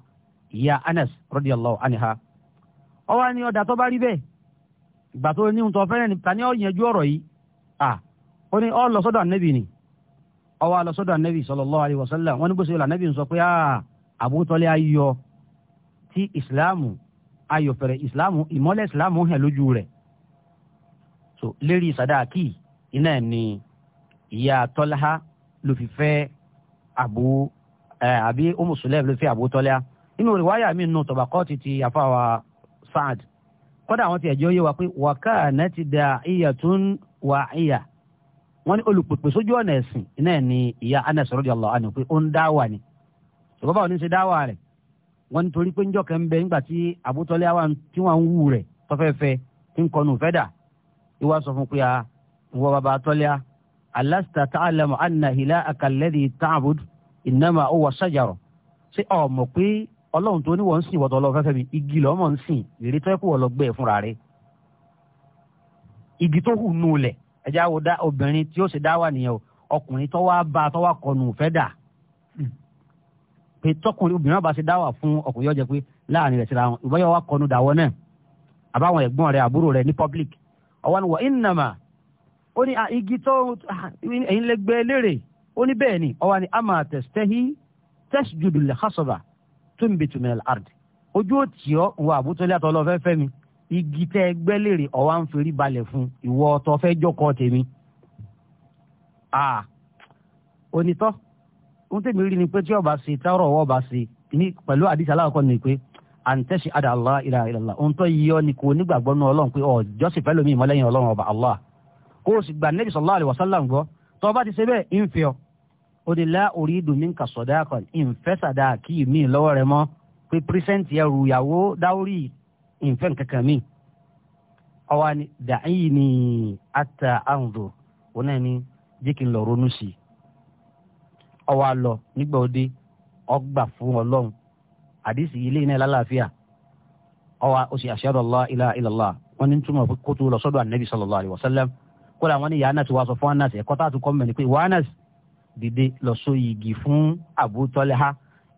ìyá Anas radiyallahu anha. ọwá ni ọ̀dà tó bá rí bẹ́ẹ̀ ìgbà tó ní ohun tó fẹ́rẹ̀ nípa ní ọ̀yẹ́jú ọ̀rọ̀ yìí ó ní ọ lọ sọ́dọ̀ ànẹ́bì ni ọwọ́ a lọ sọ́dọ̀ ànẹ́bì sallallahu alaihi wasallam wọ́n ní bó ṣe yọ ànẹ́bì ń sọ pé àbótọ́lẹ̀ ayọ̀ tí ìsìláàmù ayọ̀ fẹ̀rẹ̀ ìsìláàmù ìmọ́lẹ̀ ìsìláàmù hẹ̀ lójú rẹ̀ so lérí sàdáàkì iná ni ìyá tọ́lá ló fi fẹ́ àbó àbí ọmọ sùlẹ̀ ló fi àbó tọ́lá inú rìwáyà mi nù tọ̀bàkọ́ ti ti àfáwà Sa'ad kọ́dà àwọn ti ẹ̀jọ́ yé wa pé wàkà náà ti da iyà tó ń wà iyà wọ́n ní olùpèpè sójú ọ̀nà ẹ̀sìn iná ẹ̀ ní ìyá Anas radiyallahu anhu pé ó ń dáwà ni ṣùgbọ́n báwo ni ṣe dáwà rẹ̀ wọ́n ní torí pé ń jọkẹ́ ń bẹ nígbà tí àbútọ́lẹ́ àwa tí wọ́n ń wù rẹ̀ tọ́fẹ́fẹ́ tí ń kọnu fẹ́dà ìwà sọ fún pé ìwọ bàbá tọ́lẹ́ alasta ta'lamu anna ilaaka alladhi ta'bud innama huwa shajar ṣé o mọ̀ pé ọlọ́run tó ọlọ́run tó ẹ̀já wo dá obìnrin tí ó sì dá wà nìyẹn o ọkùnrin tó wá bá tó wá kọnu fẹ́ dà hmm. pé tọkùnrin obìnrin bá ṣe dá wà fún ọkùnrin yóò pé láàrin rẹ̀ síra wọn ìbáyọ̀ wá kọnu dàwọ́ náà àbáwọn ẹ̀gbọ́n rẹ̀ àbúrò rẹ̀ ní public ọwọ́ ni wọ́n ìnàmà ó ní igi tó ẹ̀yin lè gbé e léèrè ó ní bẹ́ẹ̀ ni ọwọ́ ni ama tẹ̀sítẹ́hí tẹ́sí jùdùlẹ̀ xasọ̀bà tó bìtùmẹ̀ àrd ojú ó tì ọ́ wọ àbútọ́lẹ́ àtọ́lọ́ fẹ́fẹ́ mi igi tẹ́ ẹ gbẹ́ lèrè ọ̀wá ń ferí balẹ̀ fún ìwọ ọ̀tọ̀ fẹ́ jọ́kọ̀ tèmi. onítọ́ ohun tèmi rí ni pé tí ọba ṣe táwọn ọwọ́ ọba ṣe ní pẹ̀lú àdìsí aláwọ̀kọ́ ni pé àǹtẹ̀ṣe adà allah ilà ilà ohun tó yí ọ ni kò nígbàgbọ́ nu ọlọ́run pé ọjọ́ sì fẹ́ lómi ìmọ̀lẹ́yìn ọlọ́run ọba allah kó o sì gbà nẹ́bí sallallahu alaihi wasallam gbọ́ tó o bá ti ṣe bẹ́ẹ̀ ń fi ọ ó ní lá uridu minka sadaqan ń fẹ́ sàdá kí mi lọ́wọ́ rẹ mọ́ pé pírísẹ́ǹtì ẹrù ìyàwó dáwórì nfẹ́ nkankan mi ọwọ́ ni dàáyì ni ata àǹdò wọn náà ni jẹ́ kí n lọ ronú sí i ọwọ́ àlọ́ nígbà òde ọgbà fún ọlọ́run àdìsí ilé iná lálàáfíà ọwọ́ o sì ashadu Allah ilaha illallah wọn ní túmọ̀ pé kó tó lọ sọ́dọ̀ ànábì sallallahu alaihi wasallam kódà wọn ní ìyá anas wàá sọ fún anas ẹ̀kọ́ tá a tún kọ́ mẹ́rin pé ìwà anas dìde lọ so igi fún Abu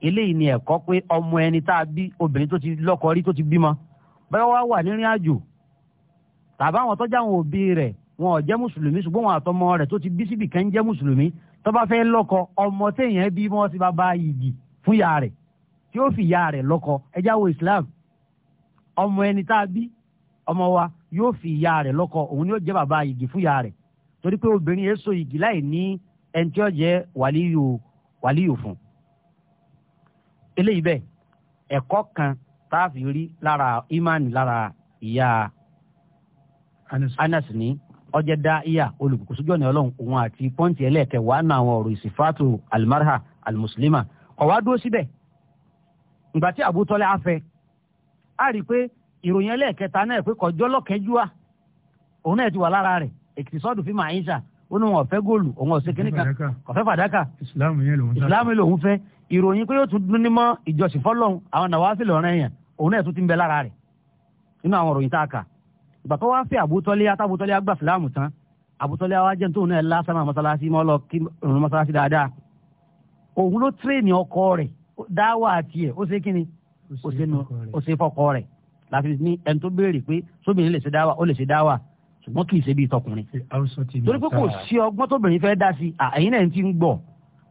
eléyìí ni ẹ̀kọ́ pé ọmọ ẹni tá a bí obìnrin tó ti lọ́kọ rí tó ti bímọ bẹ́ẹ̀ wá wà nírìn àjò tàbá àwọn tọ́jà àwọn òbí rẹ̀ wọn ò jẹ́ mùsùlùmí ṣùgbọ́n wọn àtọmọ rẹ̀ tó ti bí síbì kan jẹ́ mùsùlùmí tó bá fẹ́ lọ́kọ ọmọ téèyàn bí mọ́ sí bàbá yìgì fún ìyá rẹ̀ tí ó fi ìyá rẹ̀ lọ́kọ ẹjá wo Islam ọmọ ẹni tá a bí ọmọ wa yóò fi ìyá rẹ̀ lọ́kọ òun ni ó jẹ́ bàbá yìgì fún ìyá rẹ̀ torí pé obìnrin yẹn so yìgì láì ní ẹni tí ó jẹ́ wàlíyò wàlíyò fún eléyìí bẹ́ẹ̀ ẹ̀kọ́ kan táàfì rí lára imani lára ìyá anas ní ọjẹ́ dá ìyá olùkókò sójú ọlọ́run òun àti pọ́ǹtì ẹlẹ́ẹ̀kẹwàá náà àwọn ọ̀rọ̀ ìsìfàtò alimarha alimuslima ọ̀wá dúró síbẹ̀ ìgbà tí àbútọ́lẹ̀ a rí i pé ìròyìn ẹlẹ́ẹ̀kẹta náà pé kọjọ́ lọ́kẹ́júà òun náà ti wà lára rẹ̀ èkìtì sọ́ọ̀dù fi àyíṣà ó ní wọn fẹ́ góòlù òun ọ̀sẹ̀ kìnìkan ọ̀fẹ́ fàdákà ìsìláàmù lòun fẹ́ ìròyìn pé yóò tún dún ní òun náà tún ti ń bẹ lára rẹ̀ nínú àwọn òròyìn tá a kà ìgbà tó wá fẹ́ àbútọ́lé àtàbútọ́lé àgbà fìlàmù tán àbútọ́lé àwa jẹ́ tóun náà lásánà mọ́sálásí mọ́ lọ kí òun mọ́sálásí dáadáa òun ló tírèèni ọkọ rẹ̀ dáwà tiẹ̀ ó ṣe kí ni ó ṣe fọkọ rẹ̀ láti ní ẹni tó béèrè pé sóbìnrin lè ṣe dáwà ó lè ṣe dáwà ṣùgbọ́n kì í ṣe bíi tọkùnrin torí pé kò sí ọgbọ́n tóbìnrin fẹ́ dá sí ẹ̀yin náà ti ń gbọ́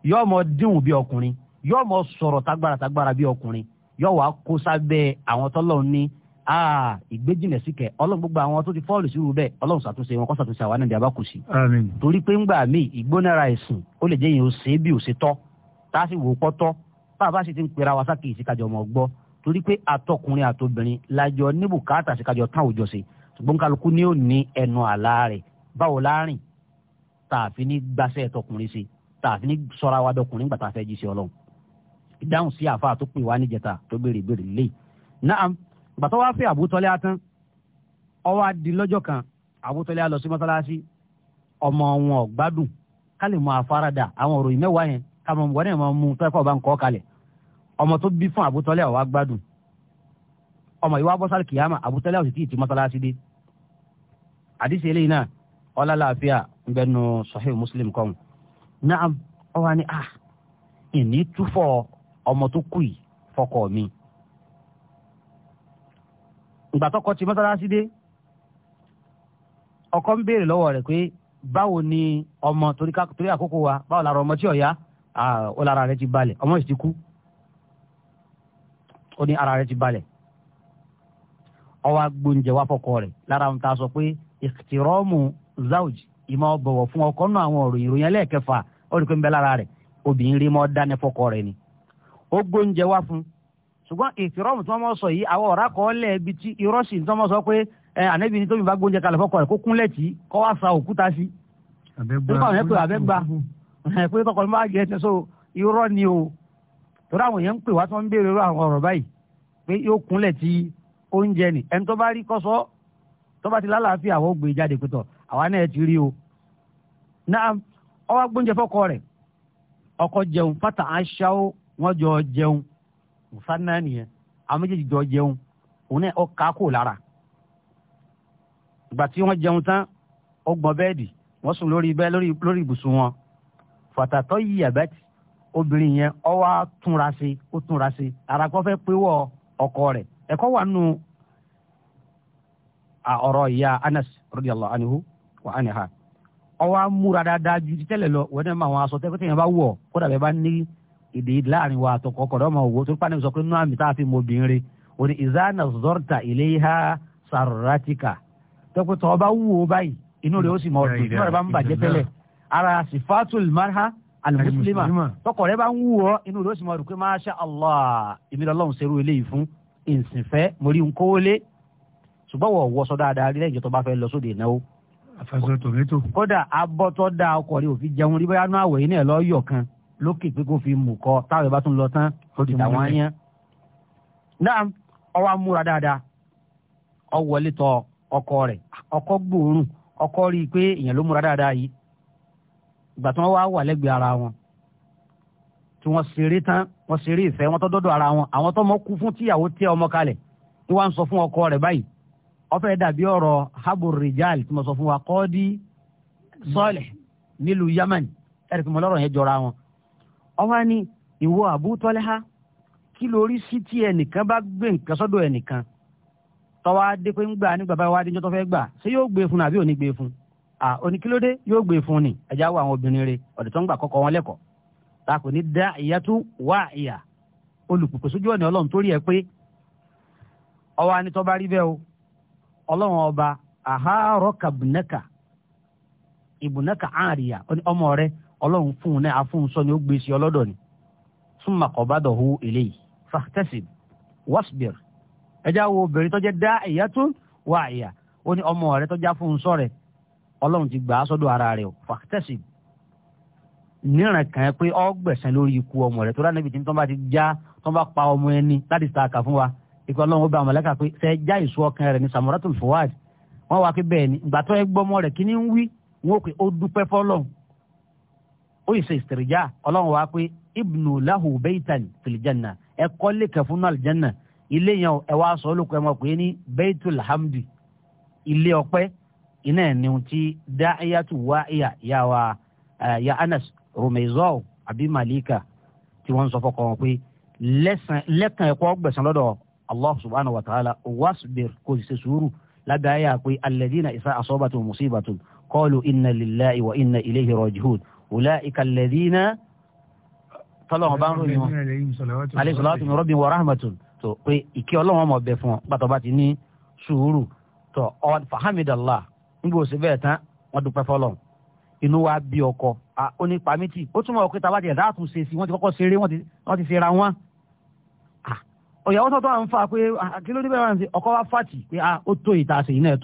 yóò mọ díhùn bíi ọkùnrin yóò mọ sọ̀rọ̀ tágbára tágbára bíi ọkùnrin yóò wá kó sábẹ́ àwọn tọ́lọ́run ní ìgbéjìnà síkẹ̀ ọlọ́run gbogbo àwọn tó ti fọ́ọ̀lù sí irú bẹ́ẹ̀ ọlọ́run ṣàtúnṣe wọn kó ṣàtúnṣe àwọn ènìyàn bá kù sí. torí pé ńgbà míì ìgbónára ẹ̀sìn ó lè jẹ́ yẹn ó ṣe é bí ó ṣe tọ́ tá a sì wò ó pọ́ bá a bá sì ti ń pera wa sákè ìsìkájọ ọmọ gbọ́ torí pé àtọkùnrin àtobìnrin lájọ ní bùkátà síkájọ tán òjọ ṣe ṣùgbọ́n kálukú ni ó ní ẹnu àlá rẹ̀ báwo láàrin tá a fi ní gbàṣẹ́ ẹ̀tọkùnrin ṣe tá ìdáhùn sí àfa tó pè wá níjẹta tó béèrè ìbéèrè lè naam gbàtọ́ wá fẹ́ àbútọ́lẹ́ atán ọwọ́ adi lọ́jọ́ kan àbútọ́lẹ́ alọ sí mọ́sálásí ọmọ wọn ò gbádùn ká lè mọ àfaradà àwọn òròyìn mẹ́wàá yẹn ká mọ wọn náà mọ mú tọ́ẹ̀kọ́ bá ń kọ́ kalẹ̀ ọmọ tó bí fún àbútọ́lẹ́ ọ̀wá gbádùn ọmọ ìwà bọ́sálì kìyàmà àbútọ́lẹ́ ọ̀sì tí ì ti mọ́sálásí dé àdìsí eléyìí náà ọlá láàfíà ń bẹnu muslim kọ́hún naam ọwọ́ ni ah ìní túfọ̀ ọmọ tó kù yìí fọkọ mi ìgbà tọkọ ti mọ́sálásí dé ọkọ ń béèrè rẹ kwe pé báwo ni ọmọ torí àkókò wa báwo lára ọmọ tí ó lára rẹ ti balẹ ọmọ yìí ti kú ó ní ara rẹ ti balẹ ọwọ́ agbóúnjẹ fọkọ rẹ lára ohun tá a sọ pé ìtìrọ́mù zawj fún ọkọ náà àwọn ìròyìn ó rí pé ń bẹ lára obìnrin rí fọkọ ó gbóúnjẹ wá fún ṣùgbọ́n ìtìrọ́mù tí wọ́n mọ̀ sọ yìí àwọn ọ̀rá kọ́ lẹ̀ ibi tí irọ́ sì ń tọ́ mọ̀ sọ pé ẹ ànẹ́bí ni tóbi bá gbóúnjẹ kalẹ̀ fọkọ rẹ̀ kó kúnlẹ̀ tí kọ́ wá sa òkúta sí. àbẹ́gbà tó bá ti lálàáfíà àwọn ògbé e jáde pẹ̀tọ̀ àwa náà ti rí o náà ọwọ́ gbóúnjẹ fọ́kọ rẹ̀ ọkọ jẹun fata aṣáó wọ́n jọ jẹun musanna nìyẹn àwọn méjèèjì jọ jẹun òun náà lára ìgbà tí wọ́n jẹun tán ọgbọ̀n bẹ́ẹ̀dì wọ́n sùn lórí bẹ́ẹ̀ lórí lórí ibùsùn wọn fàtàtọ́ yìí àbẹ́tì obìnrin yẹn wá túnra sí ó túnra sí ara fẹ́ ọkọ rẹ̀ ẹ̀kọ́ wà nù ọ̀rọ̀ ìyá wa ti tẹ́lẹ̀ yẹn bá wọ̀ èdè láàrin wa àtọkọ kọdọ ọmọ òwò tó pàdé sọ pé nínú àmì tá a fi mọ obìnrin o ní ìzáàna zọrta ilé ha sàrọràtìkà tọpẹ tọ ọba wù ó báyìí inú rẹ ó sì mọ ọdún tọrọ bá ń bàjẹ́ tẹ́lẹ̀ ara sifatul marha alimusulima tọkọ rẹ bá ń wù ọ inú rẹ ó sì mọ ọdún pé masha allah ìmìlẹ Ọlọ́run ṣerú eléyìí fún ìsìnfẹ́ mórí nkówólé ṣùgbọ́n wọ̀ wọ́sọ dáadáa rí lẹ́yìn ìjọ tó bá fẹ́ lọ sóde ìnáwó afasọ tòmẹ́tò. kódà abọ́tọ́ da ọkọ̀ rẹ̀ òfin jẹun rí bóyá náà wẹ̀ iná ẹ̀ lọ́ọ́ yọ̀ kan lókè pé kó fi mú kọ táwọn ìbá tún lọ tán ó ti tàwọn ayán. náà ọwọ́ amúra dáadáa ọ wọlé tọ ọkọ rẹ̀ ọkọ gbòòrùn ọkọ rí i pé èèyàn ló múra dáadáa yìí ìgbà tí wọ́n wá wà lẹ́gbẹ̀ẹ́ ara wọn tí wọ́n ṣeré tán wọ́n ṣeré ìfẹ́ wọn tó dọ́dọ̀ ara wọn àwọn tó mọ kú fún tíyàwó tẹ ọmọ kalẹ̀ ni wọ́n ń sọ fún ọkọ rẹ̀ báyìí ọfẹ dàbí ọ̀rọ̀ habur rijal tí mo sọ fún wa kọ́ di sọ́ọ̀lẹ̀ nílùú Yaman ẹ̀rì tí mo lọ́rọ̀ yẹn jọra wọn ọwá ni ìwọ Abu ha kí lórí sí tí ẹnìkan bá gbé nǹkan sọ́dọ̀ ẹnìkan tọ́wọ́ adé pé ń gbà ní bàbá wa adéjọ́ tó fẹ́ gbà ṣé yóò gbé e fún àbí ò ní gbé e fún à oníkílódé yóò gbé e fún ni ẹ̀já wo àwọn obìnrin ya ọ̀dẹ̀ tó ń gbà kọ́kọ́ wọn lẹ́kọ̀ọ́ ta kò ní dá ìyá tó wá ìyà olùpùpù sójú ọ̀nà ọlọ́run ẹ pé ọwọ́ bá rí bẹ́ẹ̀ o ọlọ́run ọba àhárọ̀ ìbùnẹ́kà ọmọ ọlọ́run fún un náà afúnṣọ ni ó gbé sí ọlọ́dọ̀ ni súnmà kọ̀bádọ̀ hu eléyìí fàtẹ́sì wasbir ẹjá wo obìnrin tó jẹ́ dá ìyá tó wà ìyá ó ní ọmọ rẹ tó já fúnṣọ rẹ ọlọ́run ti gbà á sọ́dọ̀ ara rẹ o fàtẹ́sì níran kan ẹ pé ọ gbẹ̀sán lórí ikú ọmọ rẹ tó rá níbi tí tó ti já tó pa ọmọ ẹni láti sàkà fún wa ikọ̀ ọlọ́run ó bá àwọn mọ̀lẹ́kà pé fẹ́ já ìṣú ọkàn rẹ ní samuratul fuwad wọ́n wá pé bẹ́ẹ̀ ni ìgbà ẹ gbọ́mọ rẹ̀ kí ni ń wí wọn ò pé ó dúpẹ́ fọ́lọ́run ó yìí ṣe ìsìtìrìjà ọlọ́run wá pé ibnu lahu beitan filijanna ẹ kọ́lé kẹfún náà aljanna ilé yẹn ẹ wá sọ olùkọ́ ẹ mọ̀ pé ní beitul hamdi ilé ọpẹ́ iná ẹ̀ ní ti dáhìyàtú wá ìyá ìyá wa ya anas rumezau àbí malika tí wọ́n ń sọ fọkàn wọn pé lẹ́kàn ẹ̀kọ́ gbẹ̀sán lọ́dọ̀ allah subhanahu wa ta'ala wasbir kò sì ṣe sùúrù lágbàáyà pé alladina isa asabatu musibatun qalu inna lillahi wa inna ilayhi rajihun ulaika alladhina tọ́lọ́wọ́n bá ń ròyìn wọn alayhi salatu min rabbihim wa rahmatun tó pé ìkẹ́ ọlọ́wọ́n mọ̀ bẹ̀ fún wọn pàtó bá ti ní sùúrù tó ọ fahamidallah nígbà òsè bẹ́ẹ̀ tán wọ́n dúpẹ́ fọlọ́n inú wa bí ọkọ ó ní pàmìtì ó túmọ̀ ọ̀pẹ́ tá a bá ti sí wọ́n ti kọ́kọ́ ṣeré wọ́n ti ṣera wọn ọ̀yàwó sọ̀tọ̀ à ń fa pé kí ló dé bẹ́ẹ̀ wá fàtì pé ó tó ìta àṣèyí náà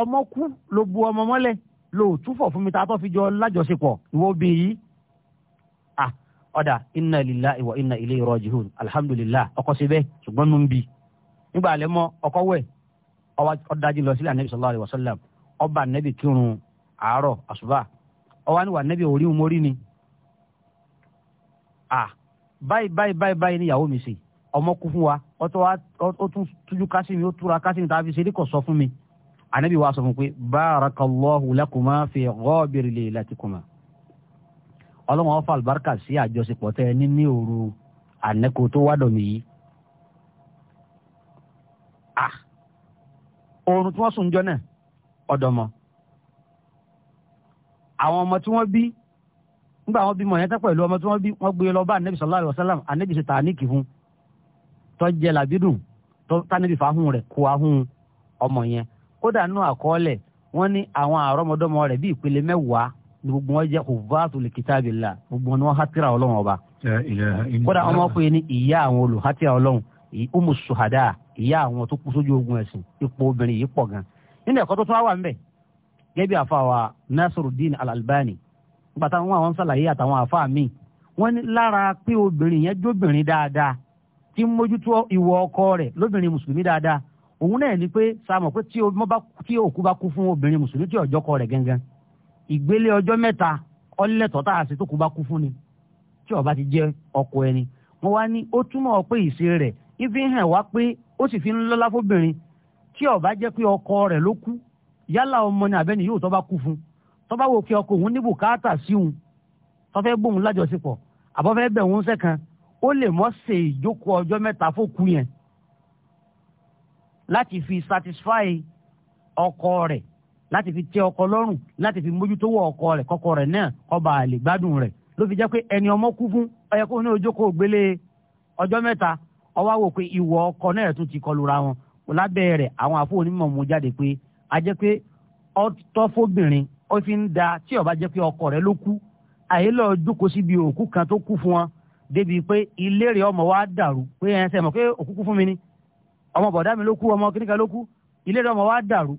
ọmọ kú ló bu ọmọ mọ́lẹ̀ lóòtú fọ̀ fún mi tá a tọ́ fi jọ lájọṣepọ̀ ìwọ obìnrin yìí ah ọ̀dà inna lillahi wa inna ilayhi raji'un alhamdulillah ọkọ síbẹ̀ ṣùgbọ́n nù ń bi nígbà alẹ́ mọ́ ọkọ wẹ̀ ọdájú lọ sílẹ̀ anabi sallallahu alayhi wa sallam ọba anabi kírun àárọ̀ àṣùbà ọwọ́ ni wà anabi orí mórí ni ah báyìí báyìí báyìí báyìí níyàwó mi sè ọmọ kú fún wa ó tún tújú kásìmí ó túra kásìmí tá a fi ṣe é anabi wa sọ fún pé barakallahu lakuma fi ghabiri lailatikuma ọlọ́wọ́n ọ̀fà àlùbáríkà sí àjọṣepọ̀ tẹ́ ẹ ní ní òru ànẹ́kò tó wá dọ̀mí yìí. Ah! oorun tí wọ́n sùn jọ náà ọ̀dọ̀mọ̀ àwọn ọmọ tí wọ́n bí nígbà wọn bímọ yẹn tẹ́ pẹ̀lú ọmọ tí wọ́n bí wọ́n gbé lọ bá anabi sallallahu alayhi wa sallam anabi ṣe tàníkì fún tọ́jẹ́ làbídùn tánibì fàáhùn rẹ̀ kó ahùn ọmọ yẹn kódà nínú àkọọ́lẹ̀ wọ́n ní àwọn àrọ́mọdọ́mọ rẹ̀ bí ìpele mẹ́wàá ni gbogbo wọn jẹ́ hufatu li kitabillah gbogbo wọn hatira ọlọ́run ba. kódà ọmọ pé ní ìyá àwọn olùhatira ọlọ́run umu suhada ìyá àwọn tó kú sójú ogun ẹ̀sìn ipò obìnrin yìí pọ̀ gan. nínú ẹ̀kọ́ tó tún wà ńbẹ̀ gẹ́gẹ́ bí àfa wa Nasiruddin al-Albani nígbà táwọn àwọn sàlàyé àtàwọn àfa mi, wọ́n ní lára pé obìnrin yẹn jóbìnrin dáadáa tí ń mójútó ìwọ ọkọ rẹ̀ lóbìnrin mùsùlùmí dáadáa òun náà ni pé sàmọ̀ pé tí òkú bá kú fún obìnrin mùsùlùmí tí ọjọ́ kọ rẹ̀ gangan ìgbélé ọjọ́ mẹ́ta ọlẹ́tọ̀ tá a ṣe tó kú bá kú fún ni tí ó bá ti jẹ́ ọkọ ẹni wọn wá ní ó túmọ̀ pé ìṣe rẹ̀ ifi hàn wá pé ó sì fi ń lọ́lá fóbìnrin tí ó bá jẹ́ pé ọkọ rẹ̀ ló kú yálà ọmọ ni àbẹ́ni yóò tó bá kú fún tó bá wò kí ọkọ òun ní bùkátà sí òun tó fẹ́ bóun lájọṣepọ̀ àbọ̀fẹ́ bẹ̀ òun sẹ́kan ó lè mọ́ ṣe ìjókòó ọjọ́ mẹ́ta fókù yẹn láti fi satisfy ọkọ rẹ̀ láti fi tẹ́ ọkọ lọ́rùn láti fi mójútó wọ ọkọ rẹ̀ kọ́kọ́ rẹ̀ náà kọba àlè gbádùn rẹ̀ ló fi jẹ́ pé ẹni ọmọ kú fún ọyẹ kó ní ojókòó gbélé ọjọ́ mẹ́ta ọwọ́ wò pé ìwọ ọkọ náà tún ti kọlura wọn lábẹ́ rẹ̀ àwọn àfọ onímọ̀ mú jáde pé a jẹ́ pé ọtọ́ fóbìnrin ó fi ń da tí ó bá pé ọkọ rẹ̀ ló kú àyè lọ jókòó síbi òkú kan tó kú fún wọn débi pé ilé rẹ̀ ọmọ wa dàrú pé ẹ̀ ń sẹ́mọ̀ pé òkú kú fún mi ni ọmọ bọ̀dá mi ló kú ọmọ kíníkà ló kú ilé rẹ̀ ọmọ wa dàrú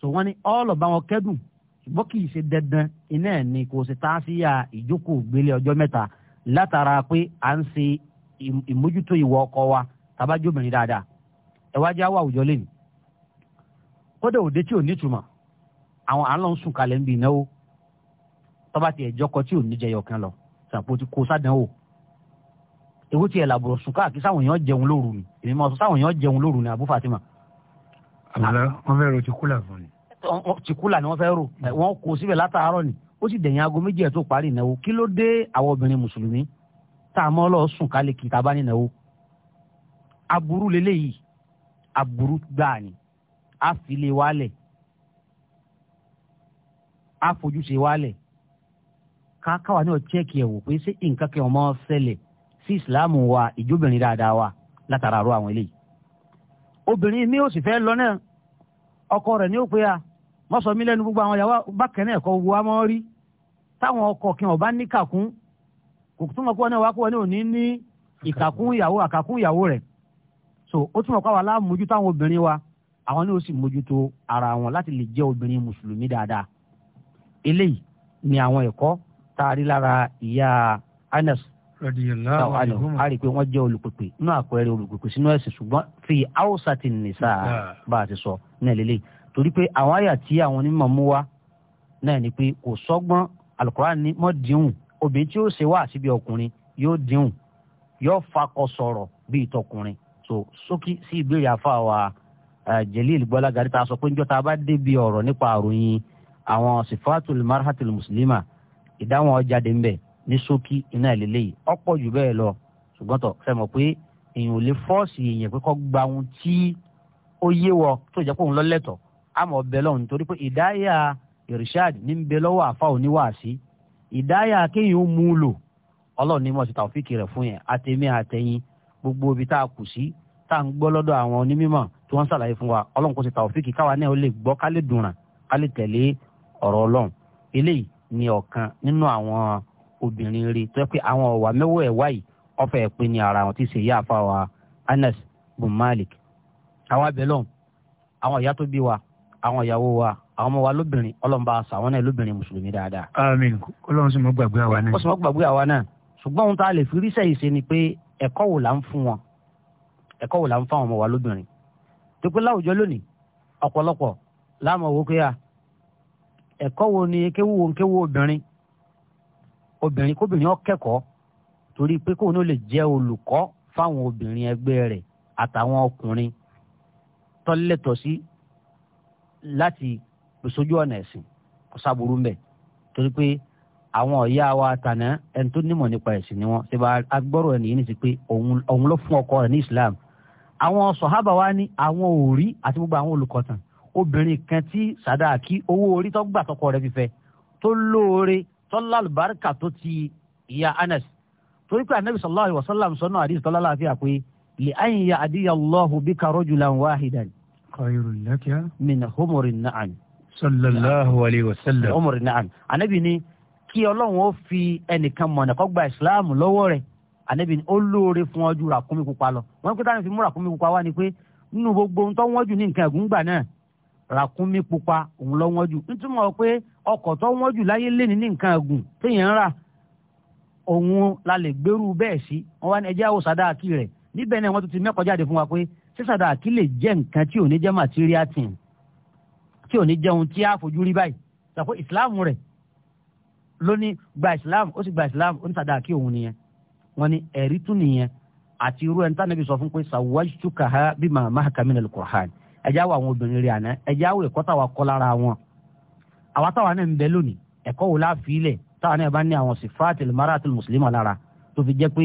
so wọ́n ní ọ̀ọ́lọ̀ bá wọn kẹ́dùn ṣùgbọ́n kì í ṣe dandan iná ẹ̀ ni kò ṣe tààsíyà ìjókòó gbélé ọjọ́ mẹ́ta látara pé à ń ṣe ìmójútó ìwọ ọkọ wa tabájóbìnrin dáadáa ẹ wá já wà àwùjọ lẹ́nu kódà òde tí ò nítumọ̀ àwọn àlọ́ ń sùn kalẹ̀ ń bì náwó tọ́ba tiẹ̀ jọkọ tí ò ní jẹyọ kan lọ sàpótí kó sádánwò èwo tiẹ̀ làbùrọ̀ sùn káàkiri sáwọn èèyàn jẹun lóru ni èmi máa sọ sáwọn èèyàn jẹun lóru ni Abu Fatima. àbúrò wọn fẹ́ ro ti kúlà fún mi. ti kúlà ni wọ́n fẹ́ ro hmm. wọ́n kó síbẹ̀ látàárọ̀ ni ó sì dẹ̀yìn aago méjì ẹ̀ tó parí ìnáwó kí ló dé àwọn obìnrin mùsùlùmí tá a mọ́ lọ sùn kálẹ̀ kì í ta bá nínáwó. aburú leléyìí aburú gbáà ni a fi lè wálẹ̀ a fojú ṣe wálẹ̀ ká káwa náà chẹ́ẹ̀kì ẹ̀ wò pé ṣé nǹkan kẹ́ ọmọ sí ìsìláàmù wa ìjóbìnrin dáadáa wa látara àrò àwọn eléyìí obìnrin mi ò sì fẹ́ lọ náà ọkọ rẹ̀ ní ó pe a mọ́sọ̀ mi lẹ́nu gbogbo àwọn ìyàwó bákẹ́ náà ẹ̀kọ́ gbogbo wa mọ́ rí táwọn ọkọ kí wọn bá ní kàkún kò túnmọ̀ kó ní wá kó ní òní ní ìkàkún ìyàwó àkàkún ìyàwó rẹ̀ so ó túnmọ̀ kó àwọn àwọn obìnrin wa àwọn ní ó sì mójútó ara wọn láti lè jẹ́ obìnrin mùsùlùmí dáadáa eléyìí ni àwọn ẹ̀kọ́ tá a rí lára ìyá Anas àlọ́ a rí i pé wọ́n jẹ́ olùpèpè inú àpẹẹrẹ olùpèpè sínú ẹ̀sìn ṣùgbọ́n fi haúsá ti nì sáà bá a ti sọ ní ẹ̀lẹ́lẹ́ torí pé àwọn àyà tí àwọn onímọ̀ mú wá náà ni pé kò sọ́gbọ́n alukoran ni mọ́ dìhùn obìnrin tí ó ṣe bi síbi ọkùnrin yóò dìhùn yóò fakọ sọ̀rọ̀ bíi tọkùnrin so sókí sí ìbéèrè afa wa Jelil Gbọ́lágadé ta sọ pé níjọ́ tá a bá débi ọ̀rọ̀ nípa àròyìn àwọn sifatul marhatul muslima ìdáhùn ọjà dé ń ní ṣókí iná ìlélẹ́yìí ọ̀pọ̀ jù bẹ́ẹ̀ lọ ṣùgbọ́n tọ̀ fẹ́ mọ̀ pé èèyàn ò lè fọ́ọ̀sì èèyàn pé kọ́ gba ohun tí ó yé wọ tó jẹ́ pé òun lọ́lẹ́tọ̀ àmọ́ ọbẹ̀ lọ́hùn nítorí pé ìdáyà irishad ní ń bẹ lọ́wọ́ àfa òní wàásí ìdáyà kéèyàn ó mú lò ọlọ́run ní mọ̀ sí tàwọ́fíìkì rẹ̀ fún yẹn àtẹ̀mí àtẹ̀yìn gbogbo ibi tá a kù sí tá à gbọ́ lọ́dọ̀ àwọn onímọ̀ tí wọ́n ṣàlàyé fún wa ọlọ́run kò sí tàwọ́fíìkì káwa náà ó lè gbọ́ ká lè dùnràn ká lè tẹ̀lé ọ̀rọ̀ ọlọ́run eléyìí ni ọ̀kan nínú àwọn obìnrin rí tó pé àwọn ọ̀wà mẹ́wọ́ ẹ̀ wáyìí ọ̀fẹ́ ẹ̀pin ni ara wọn ti ṣe ìyá àfa wa Anas bin Malik àwọn abẹ́lọ́n àwọn ìyá tó bí wa àwọn ìyàwó wa àwọn ọmọ wa lóbìnrin ọlọ́mọba àṣà àwọn náà lóbìnrin mùsùlùmí dáadáa. àmín ọlọ́run sì mọ́ gbàgbé àwa náà. ó sì mọ́ gbàgbé àwa náà ṣùgbọ́n ohun tá a lè fi ríṣẹ́ yìí ṣe ni pé ẹ̀kọ́ wò là ń fún wọn ẹ̀kọ́ wò là ń fún àwọn ọmọ wa lóbìnrin tó láwùjọ lónìí ọ̀pọ̀lọpọ̀ láàmú owó kéwà ẹ̀kọ́ wo ni kéwú wo kéwú obìnrin obìnrin kóbìnrin ó kẹ́kọ̀ọ́ torí pé kóun ó lè jẹ́ olùkọ́ fáwọn obìnrin ẹgbẹ́ rẹ̀ àtàwọn ọkùnrin tọ́lẹ̀tọ̀ sí láti sójú ọ̀nà ẹ̀sìn kò sábúrú mbẹ̀ torí pé àwọn ọ̀yá wa tànà ẹni tó nímọ̀ nípa ẹ̀sìn ni wọ́n ṣe bá agbọ́rọ̀ ẹni yìí ní pé òun ló fún ọkọ rẹ̀ ní Islam àwọn sọ̀hábà wa ní àwọn òrí àti gbogbo àwọn olùkọ́tàn obìnrin kan tí sàdáàkí owó orí tó gbà tọkọ rẹ̀ fífẹ́ tó lóore tọ́lá àlùbáríkà tó ti ìyá anas torí pé anabi sallallahu alayhi wa sallam sọ́nà àdìs tọ́lá láàfin àpé lè ayin ya adiya allahu bika rajulan wahidan. khairul laka. min humri na'am. sallallahu alayhi wa sallam. humri na'am anabi ni kí ọlọ́run ó fi ẹnìkan mọ̀nà kó gba ìsìláàmù lọ́wọ́ rẹ̀ ànábì ó lóore fún ọjọ́ ràkúnmí pupa lọ wọ́n pẹ́ táwọn fi mú ràkúnmí pupa wá ni pé nínú gbogbo ohun tó wọ́n jù ní nǹkan ẹ̀gún náà rakunmi pupa òun lọ wọn jù nítumọ̀ pé ọkọ̀ tó wọ́n jù láyé lẹ́ni ní nǹkan ẹ̀gùn téèyàn rà òun la lè gbèrú bẹ́ẹ̀ sí wọn wá ní ẹjẹ́ àwọ̀ sàdáàkì rẹ̀ níbẹ̀ náà tún ti mẹ́kọ̀ọ́ fún wa pé ṣé lè jẹ́ tí ò ní jẹ́ material thing tí ò ní tí a fojú rí báyìí ṣàpọ̀ ìsìláàmù rẹ̀ ló gba ìsìláàmù ó sì gba ìsìláàmù ó ní sàdáàkì òun nìyẹn wọ́n ẹ̀rí tún nìyẹn àti irú ẹni tánàbí sọ fún pé sàwájú túkà ha bí màmá kàmínà ẹjẹ́ àwọn àwọn obìnrin rẹ̀ àná ẹjẹ́ àwọn ẹ̀kọ́ táwa kọ́ lára wọn àwa táwa náà ń bẹ lónìí ẹ̀kọ́ wò láàfin táwa náà bá ní àwọn sifatil maratil muslima lára tó fi jẹ́ pé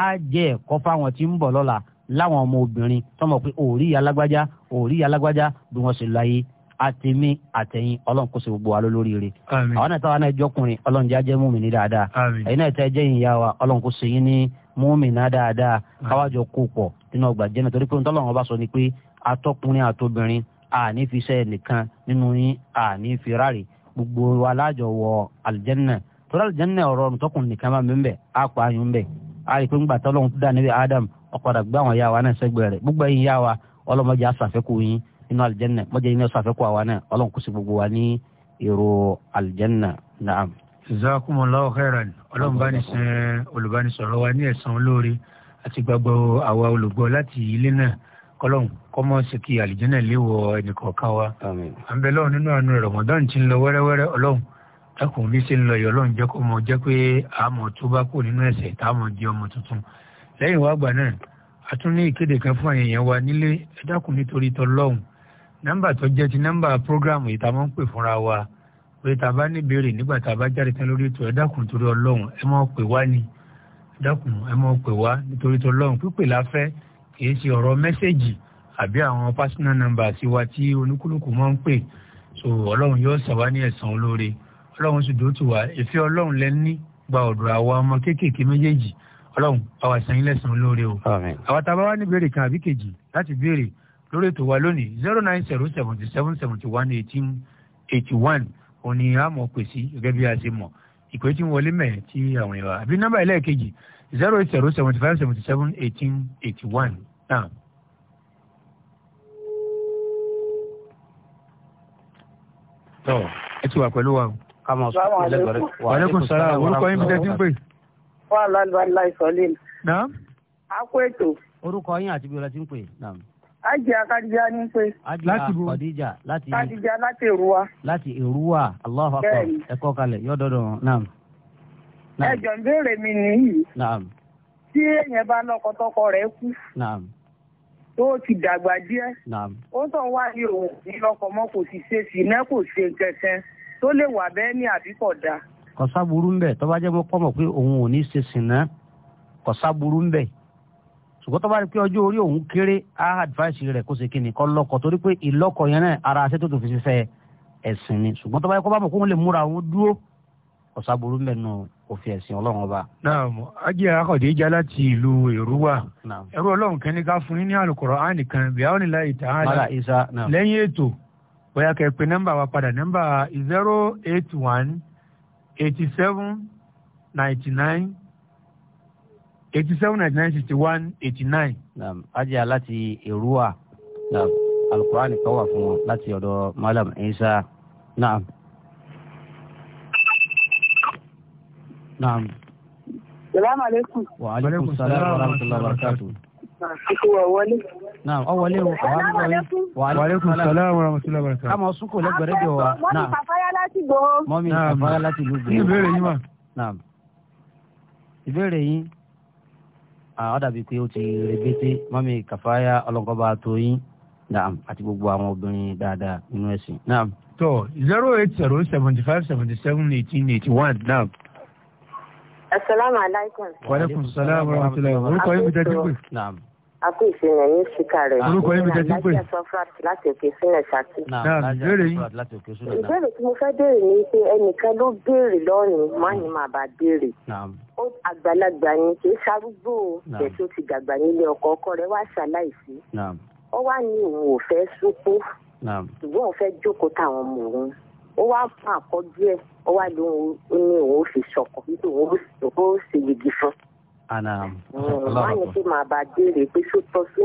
á jẹ́ ẹ̀kọ́ fáwọn tí ń bọ̀ lọ́la láwọn ọmọ obìnrin tọmọ pé òórí alágbájá òórí alágbájá bí wọ́n ṣe lọ ayé àtẹ̀mí àtẹ̀yìn ọlọ́run kó ṣe gbogbo wa lórí rẹ̀. àwọn náà táwa náà jọkùnrin ọlọ́run jẹ́ ajẹ́ mùmínì dáadáa. ẹ̀yin náà tẹ́ jẹ́ ìyá wa ọlọ́run kó ṣe yín ní mùmínà dáadáa káwájọ kó pọ̀ nínú ọgbà jẹ́nà torí pé ntọ́lọ́run ọba sọ ni pé atọ́kùnrin àtobìnrin àní fi ṣe nìkan nínú yín àní fi ráre gbogbo wa lájọ wọ àlìjẹ́nà torí àlìjẹ́nà ọ̀rọ̀ ọ̀rùntọ́kùnrin nìkan máa ń bẹ̀ á pa ayùn bẹ̀ á rí i pé ńgbà tọ́lọ́hún tó dà níbi Adam ọ̀padà gbé àwọn ìyá wa náà sẹ́gbẹ̀ẹ́ rẹ̀ gbogbo ẹ̀yin ìyá wa ọlọ́mọdé aṣàfẹ́kù yín nínú àlìjẹ́nà mọ́jẹ́ yín ní aṣàfẹ́kù àwa náà ọlọ́run kò sí gbogbo wa ní èrò àlìjẹ́nà naam. jazakumullahu khairan ọlọ́run bá ní ṣe olùbánisọ̀rọ̀ kọlọ́n kọ́mọ́ sí kí àlìjẹ́nà léwọ ẹnìkọ̀ọ̀kan wa. àmín bẹ lọ́run nínú àánú Ramadan ti ń lọ wẹ́rẹ́wẹ́rẹ́ ọlọ́run dákun bí ṣe ń lọ yọ ọlọ́run jẹ́ kó mọ jẹ́ pé àmọ̀ tó bá kù nínú ẹ̀ṣẹ̀ táwọn di ọmọ tuntun. lẹ́yìn wá gbà náà a tún ní ìkéde kan fún àyẹ̀yẹ̀ wa nílé ẹ dákun nítorí tọlọ́hun nọ́mbà tó jẹ́ ti nọ́mbà prógráàmù yìí pè fúnra wa pé kìí ṣe ọ̀rọ̀ mẹ́sẹ̀gì àbí àwọn personal number tiwa tí oníkúlùkù máa ń pè so ọlọ́run yóò sàwá ní ẹ̀san olóore ọlọ́run sì dóòtù wá ìfẹ́ ọlọ́run lẹ́ni gba ọ̀dọ̀ àwa ọmọ kéékèèké méjèèjì ọlọ́run àwa sàn yín lẹ́san olóore o. àwa tá a bá wá ní béèrè kan àbí kejì láti béèrè lórí ètò wa lónìí zero nine zero seventy seven seventy one eighteen eighty one òní àmọ̀ pèsè gẹ́gẹ́ bí a ṣe mọ̀ ìpè tí wọlé mẹ́ẹ̀ tí àwọn ìwà àbí nọ́mbà ẹlẹ́ẹ̀kejì zero eight zero seventy five seventy seven eighteen eighty one naam. tọ́ ẹ ti wà pẹ̀lú wa o. kàmọ́ ọ̀sán wàlẹ́kùn sára orúkọ yín bí tẹ́tí ń pè. wà á lálẹ́ wàlẹ́ àìsọ̀lẹ́ mi. naam. a kó ètò. orúkọ yín àti bí ọlá ti ń pè. naam. Ajia Kadija ní pé. Láti bo. Kadija láti. Kadija láti Èrúwà. Láti Èrúwà. Allahu akbar. Ẹ̀kọ́ kalẹ̀ yọ̀ọ́ dọ́dọ̀ wọn. Naam. ẹjọ ń béèrè mi nìyí tí èèyàn bá lọ́kọ tọkọ kú tó ti dàgbà díẹ̀ ó tàn wá ní òun ní kò sì ṣe sí iná kò ṣe kẹsàn tó lè wà bẹ́ẹ̀ ní da. ń tó bá pé òun ò ní ṣe sìnà ń ṣùgbọ́n tó bá rí pé ara ṣe tó tó fi ẹ̀sìn ni ṣùgbọ́n tó bá ọ̀sàbùrú mẹ́nu òfin ẹ̀sìn ọlọrun ọba. naam ajé akọ̀dé já láti ìlú èrúwà ẹrú ọlọ́run kẹ́ni ká fún ní al kan bíáwọn nílá ìtàhálà lẹ́yìn ètò bóyá kẹ́ pé nọmba wa padà nọmba zero eight one eighty seven ninety nine eighty seven nine sixty one eighty nine. láti naam wà láti Isa naam. naam. salaam aleykum. wa aleykum salaam wa rahmatulah wa barakatu. Ìkúwà wọlé. Náà ọ wọlé o. Àwọn aleykum. Wa aleykum salaam wa rahmatulah wa barakatu. Àmọ̀ sún kò lẹ́gbẹ̀rẹ́ jọ wa. Mọ́mí Fàfáyá láti gbòó. Mọ́mí Fàfáyá láti ìlú gbòó. Ní ìbéèrè yín mà. Naam. Ìbéèrè yín àwọn dàbí pé ó ti rebete mọ́mí kàfáyà ọlọ́kọ́ba tó yín naam àti gbogbo àwọn obìnrin dáadáa nínú ẹ̀sìn naam. tó zero eight zero seventy five seventy seven eighteen eighty one naam asalaamu alaykum. waaleykum salaam wa rahmatulah orúkọ yín mi jẹ́ jíǹgbè. àpò ìsinmi yín ṣìkà rẹ̀. orúkọ yín mi jẹ́ jíǹgbè. alájà sọfrat láti òkè sílẹ̀ ṣáàtì. náà ìbéèrè yín. ìbéèrè tí mo fẹ́ béèrè ni pé ẹnìkan ló béèrè lọ́ọ̀nì má ní màá bá béèrè. ó àgbàlagbà ni kì í ṣarúgbó bẹ̀ tó ti dàgbà nílé ọkọ ọkọ rẹ̀ wá ṣaláìsí. ó wá ní òun ò fẹ́ súnkú ṣùgbọ́n òun fẹ́ jókòó táwọn mò ń ó wá fún àkọ́jú ẹ̀ ó wá ló ń ní òun ó fi sọkọ nítorí òun ó ṣe yege fún. wọ́n á yẹ kí màá bá béèrè pé ṣó tọ́ sí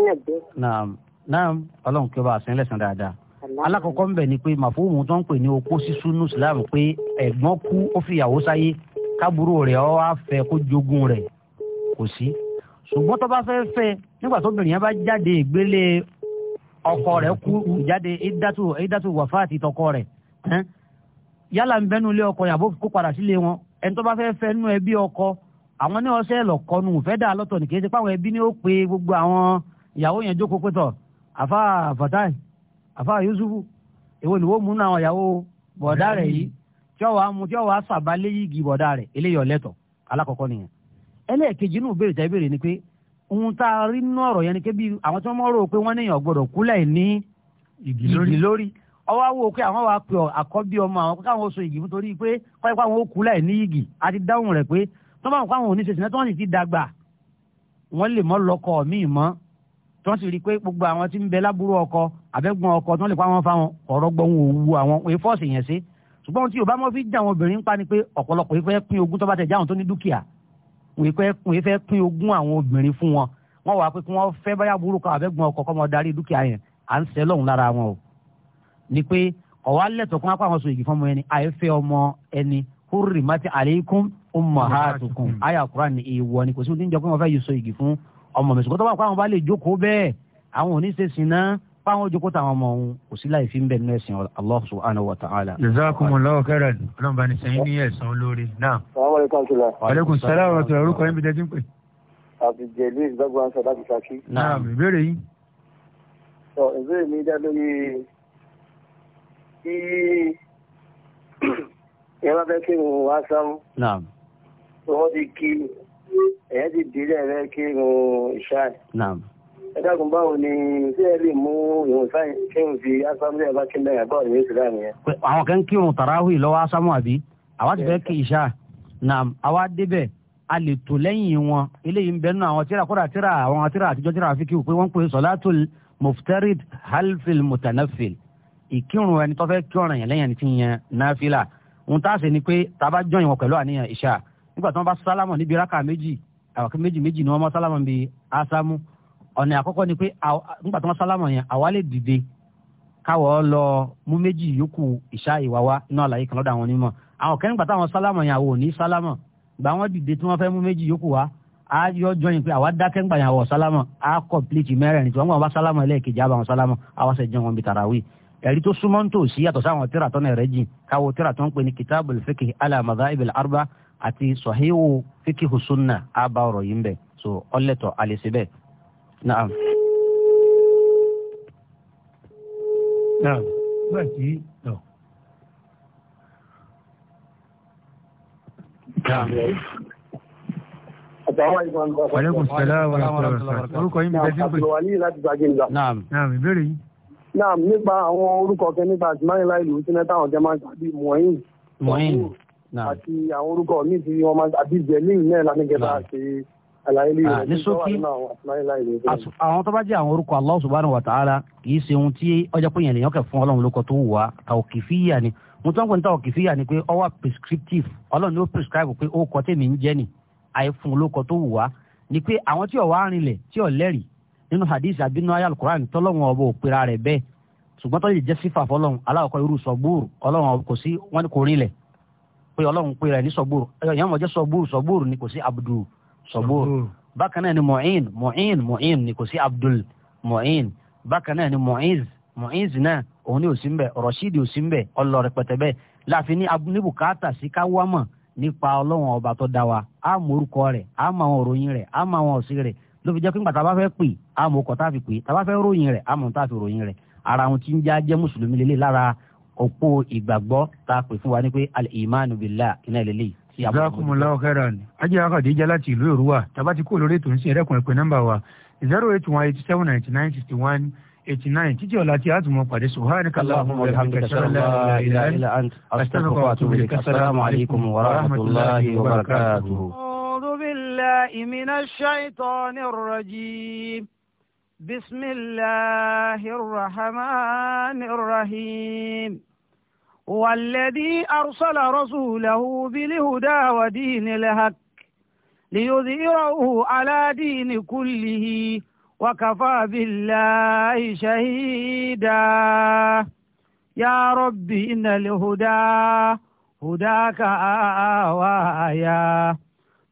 naam naam ọlọ́run kí ó bá a sẹ́yìn lẹ́sàn dáadáa alákọ̀ọ́kọ́ ń bẹ̀ ni pé màfóòmù tó ń pè ní okó sísú ní islam pé ẹ̀gbọ́n kú ó fi ìyàwó sáyé kábúrò rẹ̀ ó wá fẹ́ kó jogún rẹ̀ kò sí ṣùgbọ́n tó bá fẹ́ fẹ́ nígbà tó bìnrin yẹn bá jáde ìgbélé ọkọ rẹ̀ kú jáde ìdátù ìdátù wàfáàtì tọkọ rẹ̀ yálà ń bẹ́nu ilé ọkọ yàbó kó padà sílé wọn ẹni tó bá fẹ́ fẹ́ nú ẹbí ọkọ àwọn ní ọsẹ lọkọnu fẹ́ dà lọ́tọ̀ ní kéde páwọn ẹbí ni ó pe gbogbo àwọn ìyàwó yẹn jókòó pétọ̀ àfa fatai àfa yusufu èwo ni wọ́n mú náà ìyàwó bọ̀dá rẹ̀ yìí tí ọwọ́ amú tí ọwọ́ asàbálẹ̀ gi bọ̀dá rẹ̀ eléyìí ọ̀lẹ́tọ̀ alákọ̀ọ́kọ́ nìyẹn ẹlẹ́ẹ̀kejì inú ọwọ́ awo pé àwọn wa pè ọ àkọ́bí ọmọ àwọn pé káwọn oṣù ìgì nítorí pé kọ́ẹ́ pé àwọn ó kú láì ní ìgì àti dáhùn rẹ̀ pé tó bá wọn kó àwọn oníṣèṣin náà tó wọ́n sì ti dàgbà wọ́n lè mọ́ lọ́kọ míì mọ́ tó wọ́n sì rí i pé gbogbo àwọn tí ń bẹ lábúrò ọkọ àbẹ́gbọ́n ọkọ tó wọ́n lè pa wọn fáwọn ọ̀rọ̀ gbọ́n òwu àwọn pé fọ́ọ̀sì yẹn sí ṣùgbọ́n tí yorùbá mọ́ fi jà àwọn obìnrin pa ni pé ọ̀pọ̀lọpọ̀ ìfẹ́ pín ogún tó bá tẹ̀ jáwọn tó ní dúkìá òun ìfẹ́ pín ogún àwọn obìnrin fún wọn wọ́n wàá pé kí wọ́n fẹ́ báyà burúkọ àbẹ́gbọ́n ọkọ kọ́mọ darí dúkìá yẹn à ń sẹ́ lọ́hùn lára wọn o ni pé ọ̀wá lẹ́tọ̀ kún apá àwọn sọ èyí fọmọ ẹni àìfẹ́ ọmọ ẹni hurri mati aleikum ummahatukum aya quran ni èèwọ ni kò sí ní jẹ́ pé wọ́n fẹ́ yìí sọ èyí fún ọmọ mi ṣùgbọ́n tó bá kó àwọn bá lè jókòó bẹ́ẹ̀ àwọn òní ṣe sìn náà fáwọn jókòó táwọn ọmọ òun kò sí láì fi ń bẹ nínú ẹ̀sìn Allah subhanahu wa ta'ala. jazakumullahu khairan ọlọ́run bá tí ìyẹn bá fẹ́ kí n wá sámú. wọ́n ti kí ẹ̀yẹ́ ti dìde ẹ̀rẹ́ kí n ṣáì. ẹ dákun báwo ni ṣé ẹ lè mú ìwọ̀n sáyẹn kí n fi ásámú lẹ́yìn bá kí n bẹ̀rẹ̀ bọ́ọ̀lù ní ìsìlámù yẹn. àwọn kan kí òun tàràwì lọ́wọ́ ásámú àbí àwa ti fẹ́ kí ìṣá àwa débẹ̀ a lè tò lẹ́yìn wọn eléyìí ń bẹ nínú àwọn tíra kódà tíra àwọn tíra àtijọ́ tíra àfikún pé wọ́n ń pè sọ́látùl muftarid halfil mutanafil ìkírun ẹni tó fẹ́ kí ọ̀ràn yẹn lẹ́yìn ẹni tí ń yan náfìlà ohun tá a ṣe ni pé tá a bá jọyìn wọn pẹ̀lú àníyàn ìṣá nígbà tí wọ́n bá sálámọ̀ níbi rákà méjì àwàkí méjì méjì ni wọ́n mọ́ sálámọ̀ níbi ásámú ọ̀nà àkọ́kọ́ ni pé nígbà tí wọ́n sálámọ̀ yẹn àwa lè dìde káwọ́ lọ mú méjì yòókù ìṣá ìwà wa náà láyé kan lọ́dọ̀ àwọn onímọ̀ àwọn kẹ́rin gbà táwọn sálámọ̀ yẹn àwọn ò wa á yọ jọyìn pé àwa dákẹ́ ńgbà yẹn àwọ̀ sálámọ̀ á kọ̀pìlìtì mẹ́rẹ̀ẹ̀rin tí wọ́n gbà wọ́n bá sálámọ̀ ẹlẹ́ẹ̀kejì àbàwọn sálámọ̀ àwọn sẹ̀ wọn bí tàràwí ẹ̀rí tó súnmọ́ ń tò sí yàtọ̀ sáwọn tíra tọ́nà rẹ̀ jìn káwọ tíra tó ń pè ní kitabul fiqh ala madhahib al-arba àti sahihu fiqh sunna àbá ọ̀rọ̀ yìí ń bẹ̀ so ọlẹ́tọ̀ àlèsí bẹ́ẹ̀ naam. naam gbà tí lọ. Wàlẹ́kùn sẹ́lá wàlẹ́kùn sẹ́lá. Orúkọ yín bí bẹ́ẹ̀ sí ń pè. Naam. Naam ìbéèrè yìí náà nípa àwọn orúkọ kan nípa àtìmáyìnlá ìlú sínẹ́tà àwọn jẹ́mà àbí mọ̀ẹ́yìn mọ̀ẹ́yìn àti àwọn orúkọ míì tí wọ́n máa àbí jẹ̀lín náà lánàgẹ́ta àti àlàyé lè ah, rẹ̀ ní sókí àwọn tó bá jẹ́ àwọn orúkọ Allah subhanahu wa ta'ala kì í ṣe ohun tí ọjọ́ pé yẹn lèyàn kẹ̀ fún ọlọ́run lóko tó wà tàòkìfíyà ni mo tán kò ní tàòkìfíyà ni pé ọwọ́ prescriptive ọlọ́run ló prescribe pé ó kọ́ tèmi ń jẹ́ ni àìfún lóko tó wà ni pé àwọn tí ò wá rinlẹ̀ tí ò lẹ́rìí nínú hadith àbínú ayé alukur'an tọ́lọ́wọ́n ọba òpera rẹ̀ bẹ́ẹ̀ ṣùgbọ́n tó lè jẹ́ sífà fọlọ́run aláwọ̀kọ́ irú sọ̀gbúrù ọlọ́run kò sí wọn kò rinlẹ̀ pé ọlọ́run pera ẹ̀ ní sọ̀gbúrù ẹ̀yàn mọ̀ jẹ́ sọ̀gbúrù sọ̀gbúrù ni kò sí abdu sọ̀gbúrù bákan náà ni mu'in mu'in mu'in ni kò sí abdul mu'in bákan náà ni mu'iz mu'iz náà òun ni ò sí ń bẹ rashidi ò sí ń bẹ ọlọ́rẹ̀ pẹ̀tẹ́bẹ́ láàfin ní níbùkátà sí káwámọ̀ nípa ọlọ́run ọba tó dá wa á mọ orúkọ rẹ̀ á mọ àwọn òròyìn rẹ̀ á mọ àwọn òsì rẹ̀ ló fi jẹ́ pé ńgbà tá a bá fẹ́ pè àmọ́ ọkọ̀ tá a fi pè tá a bá fẹ́ ròyìn rẹ̀ àmọ́ tá a fi ròyìn rẹ̀ ara àwọn tí ń já jẹ́ mùsùlùmí lélẹ̀ lára òpó ìgbàgbọ́ tá a pè fún wa ní pé al-imanu iná ìlélẹ̀ tí a bá fún mi. jazakumullahu khairan ajé akadé jẹ́ láti ìlú Èrúwà tàbá ti kó lórí ètò ìsìn ẹ̀rẹ́kùn ẹ̀pẹ́ nọ́mbà wa zero eight one eight seven ninety nine sixty one eighty nine títí ọ̀la tí a tún mọ pàdé subhanakallahumma wa bihamdika la ilaha illa anta astaghfiruka wa atubu ilaik assalamu alaykum wa rahmatullahi wa barakatuhu. بالله من الشيطان الرجيم بسم الله الرحمن الرحيم والذي أرسل رسوله بالهدى ودين الهك ليظهره على دين كله وكفى بالله شهيدا يا ربي إن الهدى هداك آوايا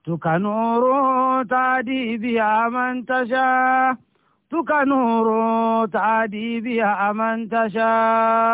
تك نور تعدي بها من تشاء تك نور تعدي بها من تشاء